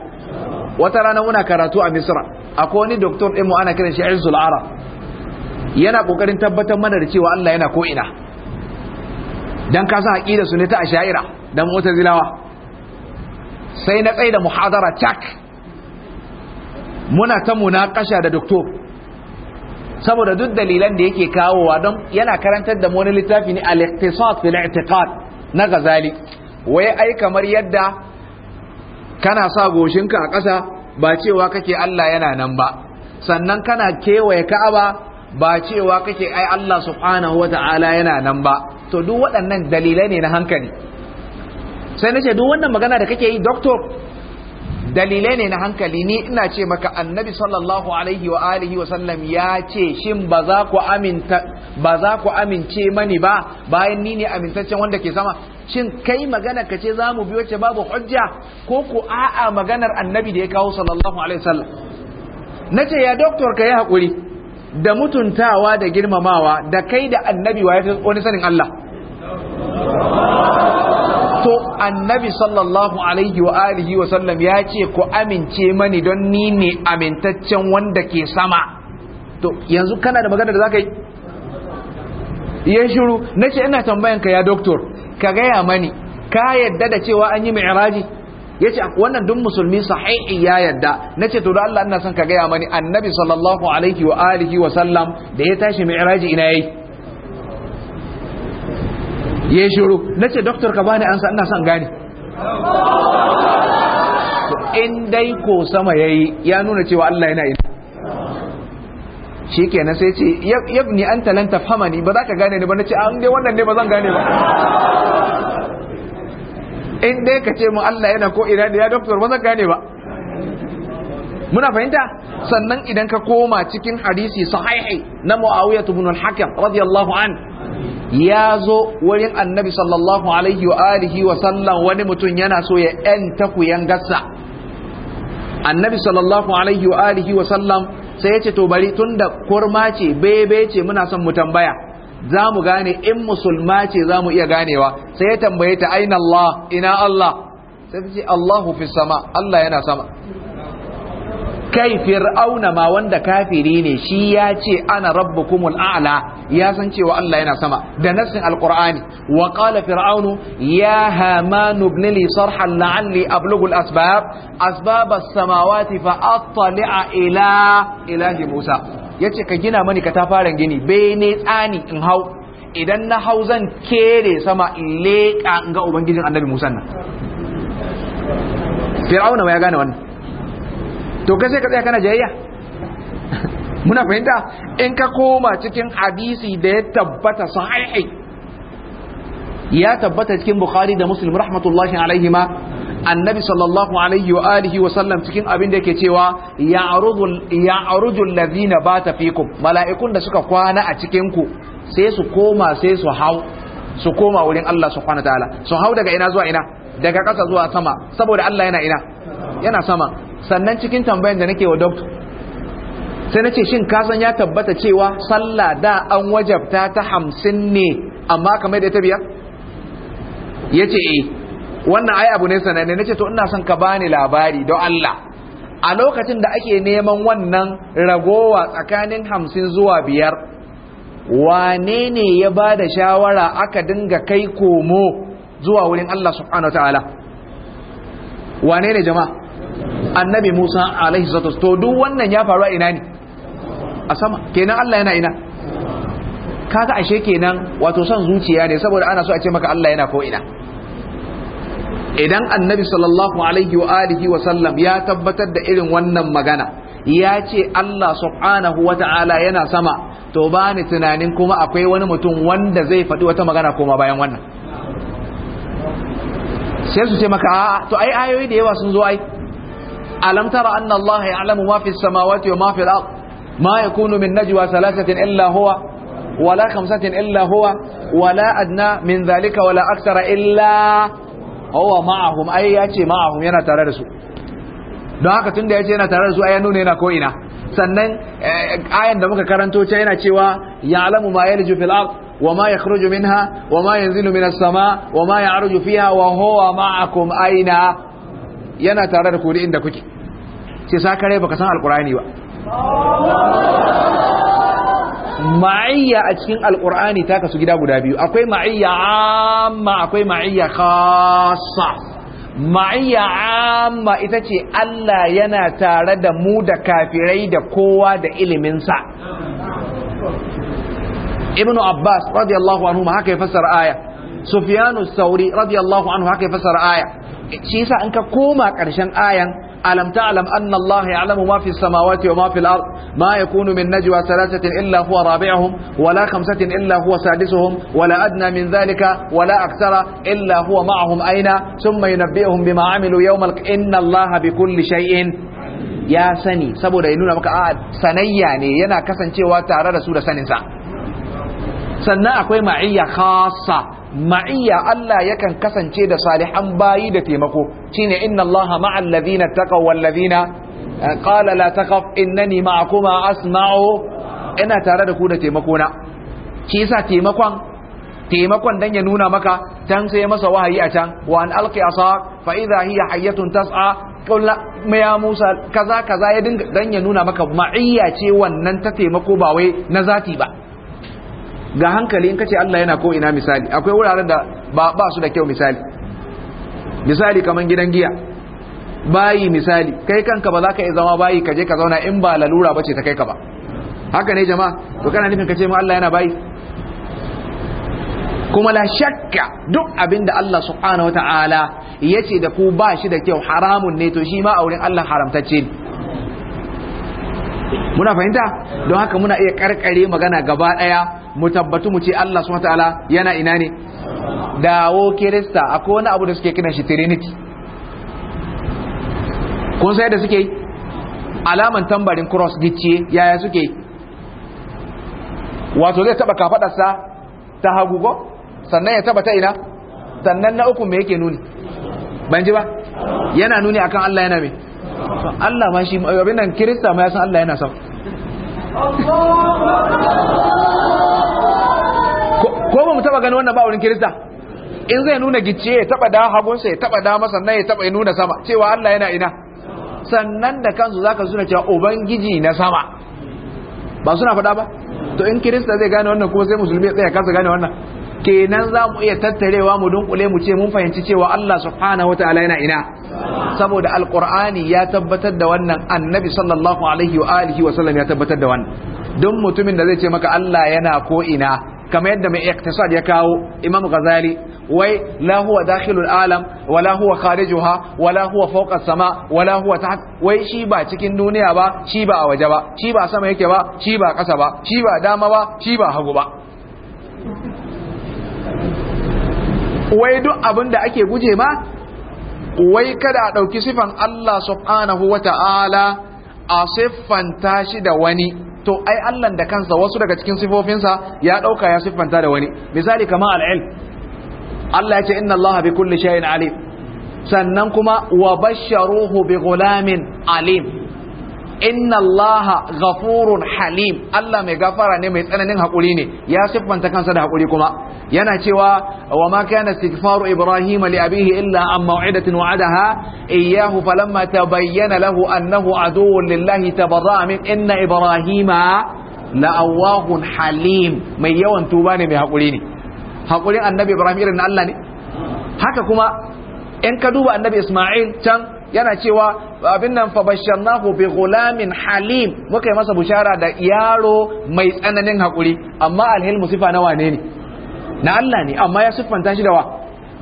wata rana muna karatu a misra akwai wani doktor ɗin mu ana kiran shi izzul arab yana kokarin tabbatar mana da cewa Allah yana ko ina dan ka sa aqida su ne ta ashaira dan zilawa sai na da muhadara Cak. muna ta munakasha da doktor saboda duk dalilan da yake kawowa don yana karantar da wani littafi ne al-iqtisad fil i'tiqad na Gazali. Waye ai kamar yadda kana sa goshinka a ƙasa ba cewa kake Allah yana nan ba sannan kana kewaye Ka'aba ba cewa kake ai Allah subhanahu wata'ala yana nan ba to duk waɗannan dalilai ne na hankali sai nace duk wannan magana da kake yi doctor dalilai ne na hankali ni ina ce maka annabi sallallahu alaihi wa alihi wa sallam ya ce shin ba za ku aminta ba za ku amince mani ba bayan ni ne amintaccen wanda ke sama shin kai magana ka ce za mu bi wacce babu hujja ko ku a'a maganar annabi da ya kawo sallallahu alaihi wa na ce ya doktor ka yi hakuri? da mutuntawa da girmamawa da kai da annabi wa wani sanin Allah to annabi sallallahu alaihi wa alihi wa sallam ya ce ku amince mani don ni ne amintaccen wanda ke sama to yanzu kana da magana da za ka yi ya shiru ce, ina tambayanka ya Doktor. ka gaya mani ka yadda da cewa an yi mi'raji yace wannan duk musulmi sahihi ya yadda ce to da Allah ina son ka gaya mani annabi sallallahu alaihi wa alihi wa sallam da ya tashi mi'raji ina yi. ya shiru ce doctor ka bani ansa ina son gane in dai ko sama yayi ya nuna cewa Allah yana ina shikenan sai ce yabni anta lan tafhamani ba za ka gane ni ba ce an ah, dai wannan ne ba zan gane ba in dai ka ce mu Allah yana ko ina da ya doktor ba zan gane ba muna fahimta sannan idan ka koma cikin hadisi sahihi na Muawiyah ibn al-Hakam radiyallahu an ya zo wurin annabi sallallahu alaihi wa alihi wa sallam wani mutum yana so ya yanta kuyan gassa annabi sallallahu alaihi wa alihi wa sallam sai ya ce to bari tunda kurma ce bebe ce muna son mu tambaya za mu gane in musulma ce za mu iya ganewa sai ya tambaye ta aina Allah ina Allah sai ta ce Allahu fi sama Allah yana sama kai fir'auna ma wanda kafiri ne shi ya ce ana rabbukumul a'la ya san cewa Allah yana sama da nassin alqur'ani wa qala fir'aunu ya hamanu ibn li sarhan la'alli ablughu asbab as-samawati fa ila ilahi musa ya ce ka gina mani ka tafaran gini bene tsani in hau idan na hau zan kere sama in leƙa in ga ubangijin annabi musa nan fir'auna ma ya gane wannan to kai sai ka tsaya kana jayayya muna fahimta in ka koma cikin hadisi da ya tabbata sahihai ya tabbata cikin bukhari da muslim rahmatullahi alaihima annabi sallallahu alaihi wa alihi wa sallam cikin abin da yake cewa ya lazina ba bata fikum mala'ikun da suka kwana a cikin ku sai su koma sai su hau su koma wurin Allah subhanahu ta'ala su hau daga ina zuwa ina daga ƙasa zuwa sama saboda Allah yana ina yana sama sannan cikin tambayan da nake wa doctor sai na ce shin kasan ya tabbata cewa sallah da an wajabta ta hamsin ne amma kamar da ta biyar ya ce eh wannan ai abu ne sananne nace to ina son ka bani labari don Allah a lokacin da ake neman wannan ragowa tsakanin hamsin zuwa biyar wane ne ya ba da shawara aka dinga kai komo zuwa wurin Allah subhanahu wa ta'ala wane ne jama'a annabi musa alaihi salatu to duk wannan ya faru a ina ne a sama kenan Allah yana ina kaga ashe kenan wato son zuciya ne saboda ana so a ce maka Allah yana ko ina idan annabi sallallahu alaihi wa alihi wa sallam ya tabbatar da irin wannan magana ya ce Allah subhanahu wa ta'ala yana sama to ba ni tunanin kuma akwai wani mutum wanda zai faɗi wata magana kuma bayan wannan sai su ce maka a to ai ayoyi da yawa sun zo ai alam tara anna Allah ya'lamu ma fi samawati wa ma fi al-ard ma yakunu min najwa thalathatin illa huwa wala khamsatin illa huwa wala adna min dhalika wala akthara illa huwa ma'ahum ai ya ce ma'ahum yana tare da su don haka tunda ya ce yana tare da su ai ya nuna yana ko ina sannan eh, ayan da muka karanto ta yana cewa Ya alamu ma yalju fil ard وما يخرج منها وما ينزل من السماء وما يعرج wa وهو ma'akum aina. yana tare da ku inda kuke ce sa kare baka san alkurani ba ma'ayya a cikin Alƙur'ani ta kasu gida guda biyu akwai ma'ayya amma akwai ma'ayya kasa. ma'ayya amma ita ce Allah yana tare da mu da kafirai da kowa da iliminsa ibn abbas radiyallahu anhu ma haka ya fassara aya sufyanu sauri radiyallahu anhu haka ya fassara aya shi yasa an ka koma ƙarshen ayan ألم تعلم أن الله يعلم ما في السماوات وما في الأرض ما يكون من نجوى ثلاثة إلا هو رابعهم ولا خمسة إلا هو سادسهم ولا أدنى من ذلك ولا أكثر إلا هو معهم أين ثم ينبئهم بما عملوا يوم إن الله بكل شيء يا سني سبو ya بك maka آه، a يعني، ينا كسن شيء kasancewa رسول da سنة أكوي معي خاصة ma'iyya Allah yakan kasance da salihan bayi da taimako shine inna Allah ma'al ladina taqaw wal ladina eh, qala la taqaf innani ma'akuma asma'u ina tare da ku da taimako na Ke yasa taimakon taimakon dan ya nuna maka can sai masa wahayi a can wa an alqi asa fa idha hiya hayyatun tas'a kulla ya Musa kaza kaza ya dinga dan ya nuna maka ma'iyya ce wannan ta taimako ba wai na zati ba ga hankali in kace Allah yana ko ina misali akwai wuraren da ba ba su da kyau misali misali kaman gidan giya bayi misali kai kanka ba za ka iya zama bayi ka je ka zauna in ba lalura bace ta kai ka ba haka ne jama'a to kana nufin kace mu Allah yana bayi kuma la shakka duk abin da Allah subhanahu wataala ya ce da ku ba shi da kyau haramun ne to shi ma a wurin Allah haramtacce ne muna fahimta don haka muna iya karkare magana gaba daya mu tabbatu mu ce Allah subhanahu wataala yana ina ne dawo kirista akwai wani abu da suke kina shi trinity kun sai da suke alaman tambarin cross gicciye yaya suke wato zai taba kafadarsa ta hagu go sannan ya taba ta ina sannan na uku me yake nuni ban ji ba yana nuni akan Allah yana mai Allah ma shi abin nan kirista ma ya san Allah yana son ko ba mu taba gani wannan ba wurin kirista in zai nuna gicciye ya taba da hagunsa ya taba da masa nan ya taba ya nuna sama cewa Allah yana ina sannan da kansu zaka suna cewa ubangiji na sama ba suna faɗa ba to in kirista zai gane wannan kuma sai musulmi ya tsaya kansa gane wannan kenan za mu iya tattarewa mu dunkule mu ce mun fahimci cewa Allah subhanahu wataala yana ina saboda alqur'ani ya tabbatar da wannan annabi sallallahu alaihi wa alihi wa sallam ya tabbatar da wannan don mutumin da zai ce maka Allah yana ko ina kamar yadda mai iktisad ya kawo Imam Ghazali wai la huwa dakhilul alam wala huwa kharijuha wala huwa fawqa sama wala huwa taht wai shi ba cikin duniya ba shi ba a waje ba shi ba sama yake ba shi ba ƙasa ba shi ba dama ba shi ba hagu ba wai duk abin da ake guje ma wai kada a ɗauki sifan Allah subhanahu wa ta'ala a siffanta shi da wani to ai Allah da kansa wasu daga cikin sifofinsa ya ɗauka ya siffanta da wani misali kama al'il Allah ya ce inna Allah bi kulli shay'in alim sannan kuma wa basharuhu bi gulamin alim inna allaha ghafurun halim Allah mai gafara ne mai tsananin hakuri ne ya siffanta kansa da hakuri kuma yana cewa wa ma kana istighfaru ibrahima li abihi illa an maw'idatin wa'adaha iyyahu falamma tabayyana lahu annahu aduwwun lillahi tabarra'a min inna ibrahima la'awahun halim mai yawan tuba ne mai haƙuri ne Haƙurin annabi ibrahim irin na Allah ne haka kuma in ka duba annabi isma'il can yana cewa abin nan fa basharnahu bi ghulamin halim muka yi masa bushara da yaro mai tsananin hakuri amma alhilmu sifa na wane ne na Allah ne amma ya siffanta shi da wa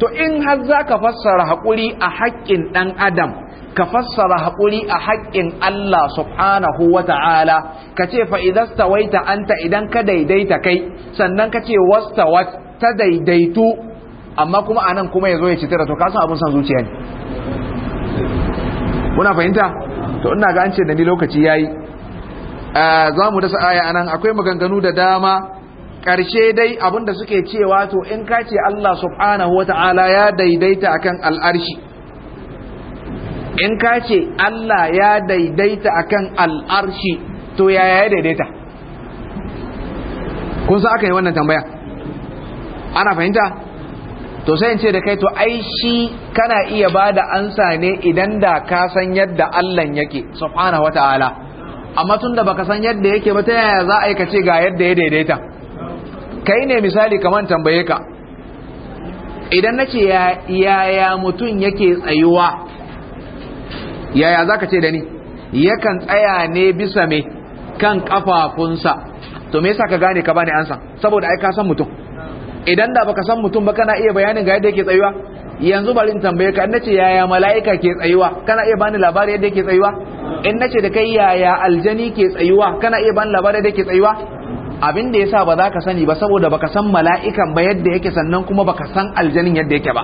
to in har zaka fassara hakuri a haƙƙin dan adam ka fassara hakuri a haƙƙin Allah subhanahu wa ta'ala ka ce fa idastawaita anta idan ka daidaita kai sannan ka ce wastawat ta daidaitu amma kuma anan kuma yazo ya da to ka san abun san zuciya ne muna fahimta to ina ga an ce da ni lokaci yayi za mu dasa aya anan akwai maganganu da dama karshe dai abinda suke cewa to in ka ce Allah subhanahu wa ta'ala ya daidaita akan al'arshi in ka ce Allah ya daidaita akan al'arshi to yaya ya daidaita kun sa aka yi wannan tambaya ana fahimta to sai in ce da kai to ai shi kana iya ba da ansa ne idan da ka san yadda Allah yake subhanahu wataala amma tun da baka san yadda yake ba ta yaya za a yi kace ce ga yadda ya daidaita kai ne misali kamar tambaye ka idan na ce yaya mutum yake tsayuwa yaya za ka ce da ni yakan tsaya ne bisa me kan kafafunsa to me yasa ka gane ka bani ansa saboda ai ka san mutum idan da baka san mutum ba kana iya bayanin ga yadda yake tsayuwa yanzu bari in tambaye ka in nace yaya mala'ika ke tsayuwa kana iya bani labari yadda yake tsayuwa in nace da kai yaya aljani ke tsayuwa kana iya bani labari yadda yake tsayuwa abin da yasa ba za ka sani ba saboda baka san mala'ikan ba yadda yake sannan kuma baka san aljanin yadda yake ba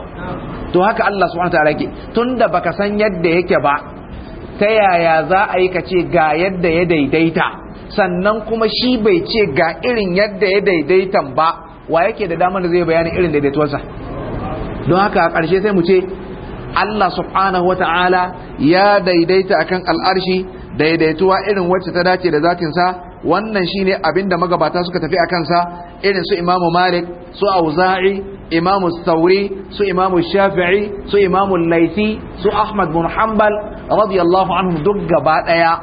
to haka Allah subhanahu ta'ala yake tunda baka san yadda yake ba ta yaya za a yi kace ga yadda ya daidaita sannan kuma shi bai ce ga irin yadda ya daidaitan ba wa yake da damar da zai bayani irin daidaituwarsa don haka a ƙarshe sai mu ce Allah subhanahu wa ta'ala ya daidaita akan al'arshi daidaituwa irin wacce ta dace da zatinsa wannan shine abin da magabata suka tafi a kansa irin su imamu malik su auza'i imamu sauri su imamu shafi'i su imamu Laisi, su ahmad bin hanbal radiyallahu anhu duk gaba daya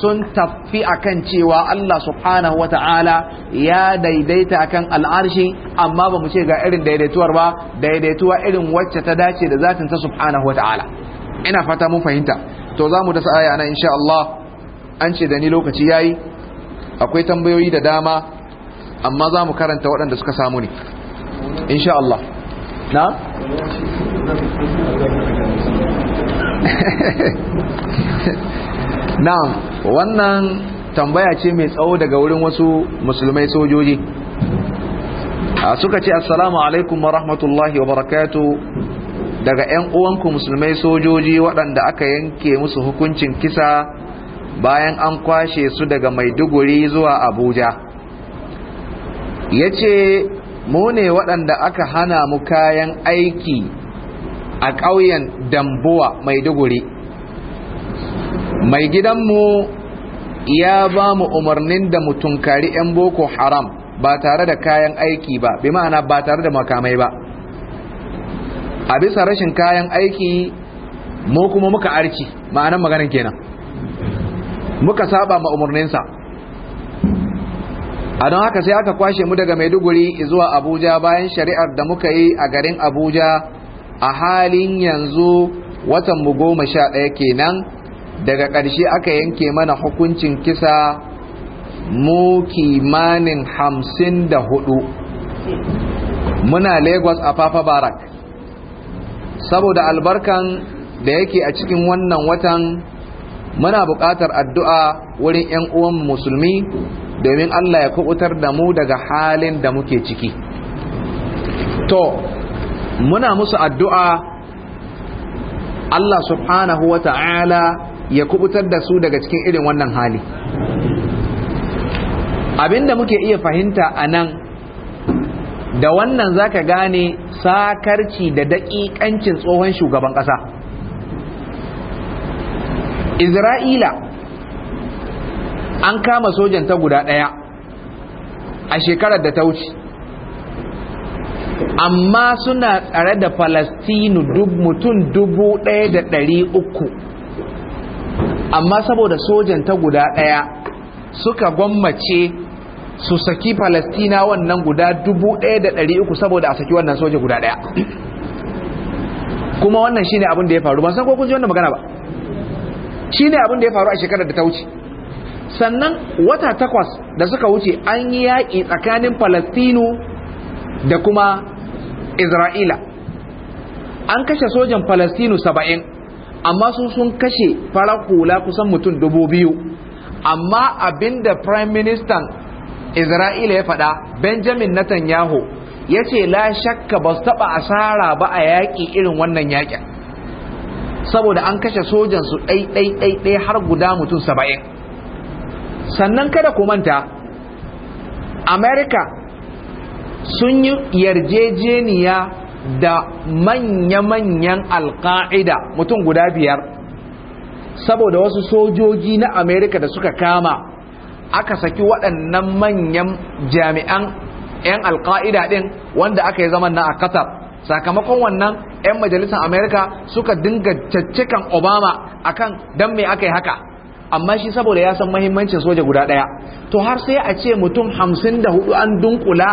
sun tafi a kan cewa Allah subhanahu wa ta'ala ya daidaita akan al'arshi amma ba mu ce ga irin daidaituwar ba daidaituwa irin wacce ta dace da zatin ta subhanahu wa ta'ala ina fata mun fahimta to za mu dasa aya na insha Allah an ce da ni lokaci ya yi akwai tambayoyi da dama amma za mu karanta waɗanda suka samu ne insha Allah na na'am wannan tambaya ce mai tsawo daga wurin wasu musulmai sojoji suka ce assalamu alaikum wa rahmatullahi wa barakatu daga 'yan uwanku musulmai sojoji waɗanda aka yanke musu hukuncin kisa bayan an kwashe su daga maiduguri zuwa abuja ya ce mu ne waɗanda aka hana mu kayan aiki a ƙauyen dambuwa maiduguri mai gidanmu ya ba mu umarnin da mu tunkari 'yan boko haram ba tare da kayan aiki ba bi ma'ana ba tare da makamai ba a bisa rashin kayan aiki mu kuma muka arci ma'anan maganin kenan muka saba ma umarninsa a don haka sai aka kwashe mu daga maiduguri zuwa abuja bayan shari'ar da muka yi a garin abuja a halin yanzu watan mu goma sha ɗaya kenan daga ƙarshe aka yanke mana hukuncin kisa mu kimanin hamsin da hudu muna lagos a fafa barak saboda albarkan da yake a cikin wannan watan muna buƙatar addu'a wurin 'yan uwan musulmi domin allah ya kubutar da mu daga halin da muke ciki to muna musu addu'a allah subhanahu wa ta'ala ya kubutar da su daga cikin irin wannan hali abinda muke iya fahimta a nan da wannan zaka gane sakarci da daƙiƙancin tsohon shugaban ƙasa isra'ila an kama sojan ta guda ɗaya a shekarar da ta wuce amma suna tsare da falastinu mutum dubu ɗaya da ɗari uku amma saboda sojan ta guda ɗaya suka gwammace su saki falastina wannan guda dubu da uku saboda a saki wannan soja guda ɗaya kuma wannan shine abin da ya faru ban san ko kun ji wannan magana ba shine abin da ya faru a shekarar da ta wuce sannan wata takwas da suka wuce an yi yaƙi tsakanin falastinu da kuma isra'ila an kashe sojan falastinu saba'in amma su sun kashe farar hula kusan mutum dubu biyu amma abinda prime minister isra'ila ya faɗa benjamin netanyahu ya ce la shakka ba su taɓa asara ba a yaƙi irin wannan yaƙin saboda an kashe sojansu ɗai ɗai har guda mutum saba'in sannan kada ku manta amerika sun yi yarjejeniya da manya-manyan alka'ida mutum guda biyar saboda wasu sojoji na amerika da suka kama aka saki waɗannan manyan jami'an 'yan alka'ida ɗin wanda aka yi zaman na a qatar sakamakon wannan 'yan majalisar amerika suka dinga caccikan obama akan don me aka yi haka amma shi saboda ya san mahimmancin soja guda ɗaya to har sai a ce mutum hamsin da hudu an dunkula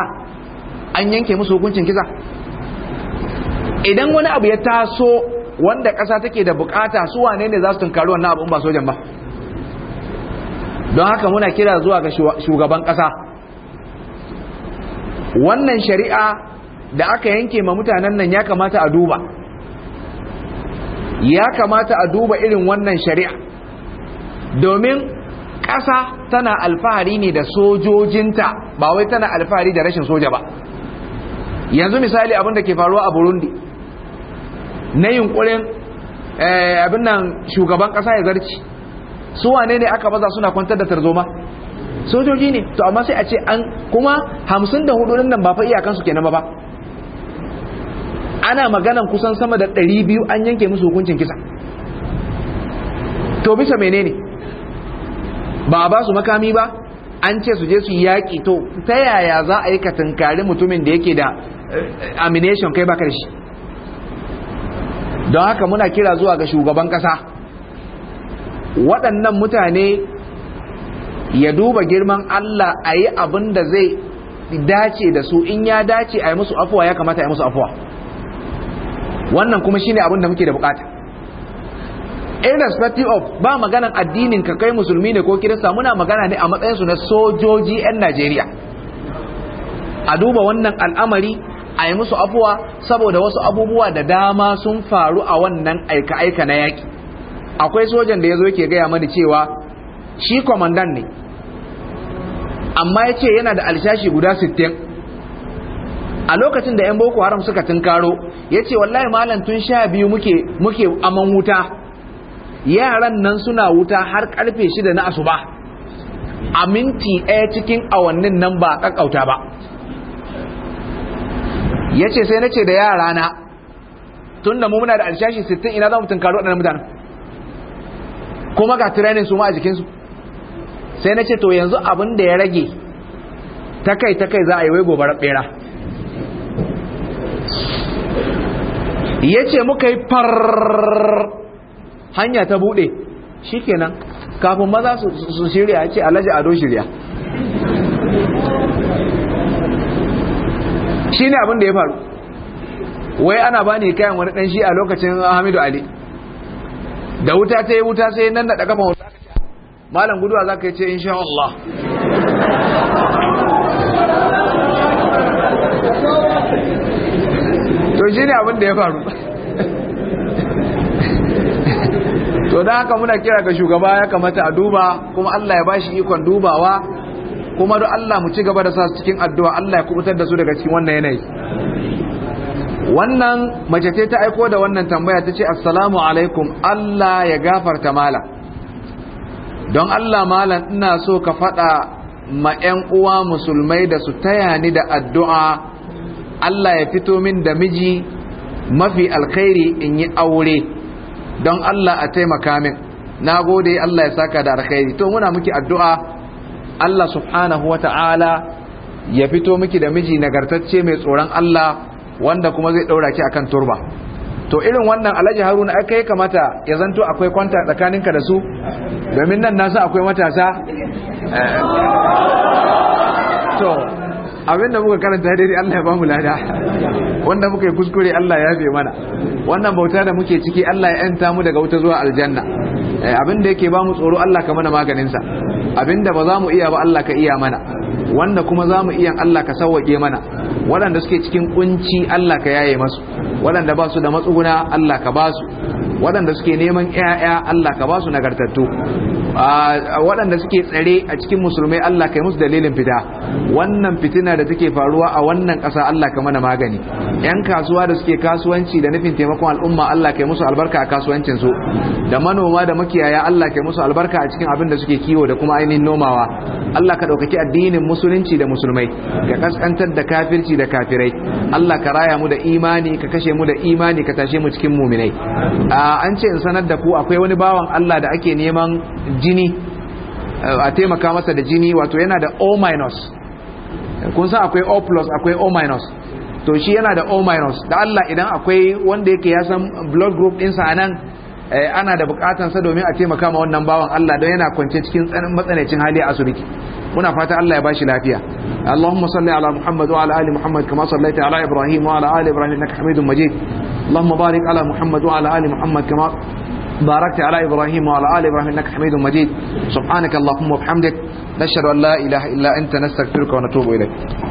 an yanke musu hukuncin kisa idan wani abu ya taso wanda ƙasa take da bukata su wane ne za su tunkari wannan abu ba sojan ba don haka muna kira zuwa ga shugaban ƙasa wannan shari'a da aka yanke ma mutanen nan ya kamata a duba ya kamata a duba irin wannan shari'a domin ƙasa tana alfahari ne da sojojinta ba wai tana alfahari da rashin soja ba yanzu misali abin da ke faruwa a burundi na yunkurin eh, abin nan shugaban ƙasa ya zarci su wane ne aka baza suna kwantar da tarzoma sojoji ne to amma sai a ce an kuma hamsin da hudu nan ba fa iyakansu kenan ba ba ana maganan kusan sama da ɗari biyu an yanke musu hukuncin kisa to bisa menene ba ba su makami ba an ce su je su yaƙi to ta yaya za a yi ka tunkari mutumin da yake da eh, eh, amination kai baka da shi don haka muna kira zuwa ga shugaban kasa waɗannan mutane ya duba girman Allah a yi abin da zai dace da su in ya dace a yi musu afuwa ya kamata a yi musu afuwa wannan kuma shine abin da muke da bukata irrespective of ba maganan addinin ka kai musulmi ne ko kirista muna magana ne a matsayinsu na sojoji 'yan najeriya a duba wannan al'amari a yi musu afuwa saboda wasu abubuwa da dama sun faru a wannan aika-aika na yaki, akwai sojan da ya zo yake gaya mani cewa shi kwamandan ne amma ya ce yana da alshashi guda sittin. a lokacin da 'yan boko haram suka tunkaro ya ce wallahi malam tun sha biyu muke aman wuta yaran nan suna wuta har karfe shida na asuba a minti ɗaya cikin awannin nan ba ƙaƙauta ba ya ce sai na ce da yara na tun da mu muna da alshashi 60 ina za mu tunkari waɗanda mutanen kuma ga training su ma a jikinsu sai na ce to yanzu abin da ya rage ta kai ta kai za a yi wai gobarar bera ya ce muka yi far hanya ta buɗe shi kenan kafin maza su shirya ya ce ado shirya shi ne abin da ya faru wai ana ba ni kayan wani ɗanshi a lokacin hamidu ali da wuta ta yi wuta sai nan na ɗaga wuta malam guduwa za ka yi ce insha Allah to shi ne abin da ya faru to don haka muna kira ga shugaba ya kamata a duba kuma Allah ya ba shi ikon dubawa kuma don Allah mu ci gaba da sa su cikin addu'a Allah ya kubutar da su daga cikin wannan yanayi wannan mace ce ta aiko da wannan tambaya ta ce assalamu alaikum Allah ya gafarta mala don Allah malam ina so ka faɗa ma 'yan uwa musulmai da su taya ni da addu'a Allah ya fito min da miji mafi alkhairi in yi aure don Allah a taimaka min na gode Allah ya saka da alkhairi to muna muke addu'a Allah subhanahu wa ta'ala ya fito miki da miji nagartacce mai tsoron Allah wanda kuma zai ɗaura ki akan turba to irin wannan alhaji haruna aka yi kamata ya zanto akwai kwanta tsakaninka da su domin nan nasu akwai matasa to abinda muka karanta daidai Allah ya bamu lada wanda muka yi kuskure Allah ya fi mana wannan bauta da muke ciki Allah ya yanta mu daga wuta zuwa aljanna eh, abinda yake bamu tsoro Allah ka mana maganinsa abinda ba za mu iya ba Allah ka iya mana wanda kuma za mu iya Allah ka sauwaƙe mana waɗanda suke cikin kunci Allah ka yaye masu waɗanda ba su da matsuguna Allah ka ba su waɗanda suke neman ƴaƴa Allah ka ba su nagartattu waɗanda suke tsare a cikin musulmai Allah ka yi musu dalilin fita wannan fitina da take faruwa a wannan ƙasa Allah ka mana magani yan kasuwa da suke kasuwanci da nufin taimakon al'umma Allah ka yi musu albarka a kasuwancin su da manoma da makiyaya Allah ka yi musu albarka a cikin abin da suke kiwo da kuma ainihin nomawa Allah ka ɗaukaki addinin musulunci da musulmai ga kaskantar da kafirci da kafirai Allah ka raya mu da imani ka kashe mu da imani ka tashe mu cikin muminai an ce in sanar da ku akwai wani bawan Allah da ake neman jini a taimaka masa da jini wato yana da O minus kun san akwai O plus akwai O minus to shi yana da O minus da Allah idan akwai wanda yake ya san blood group ɗinsa a nan Eh, ana da bukatan sa domin a taimaka ma wannan bawan Allah don yana kwance cikin matsanancin hali a asibiti muna fata Allah ya bashi lafiya Allahumma salli ala Muhammad wa ala ali Muhammad kama باركت على وعلى حميد مجيد سبحانك اللهم وبحمدك نشهد لا نستغفرك ونتوب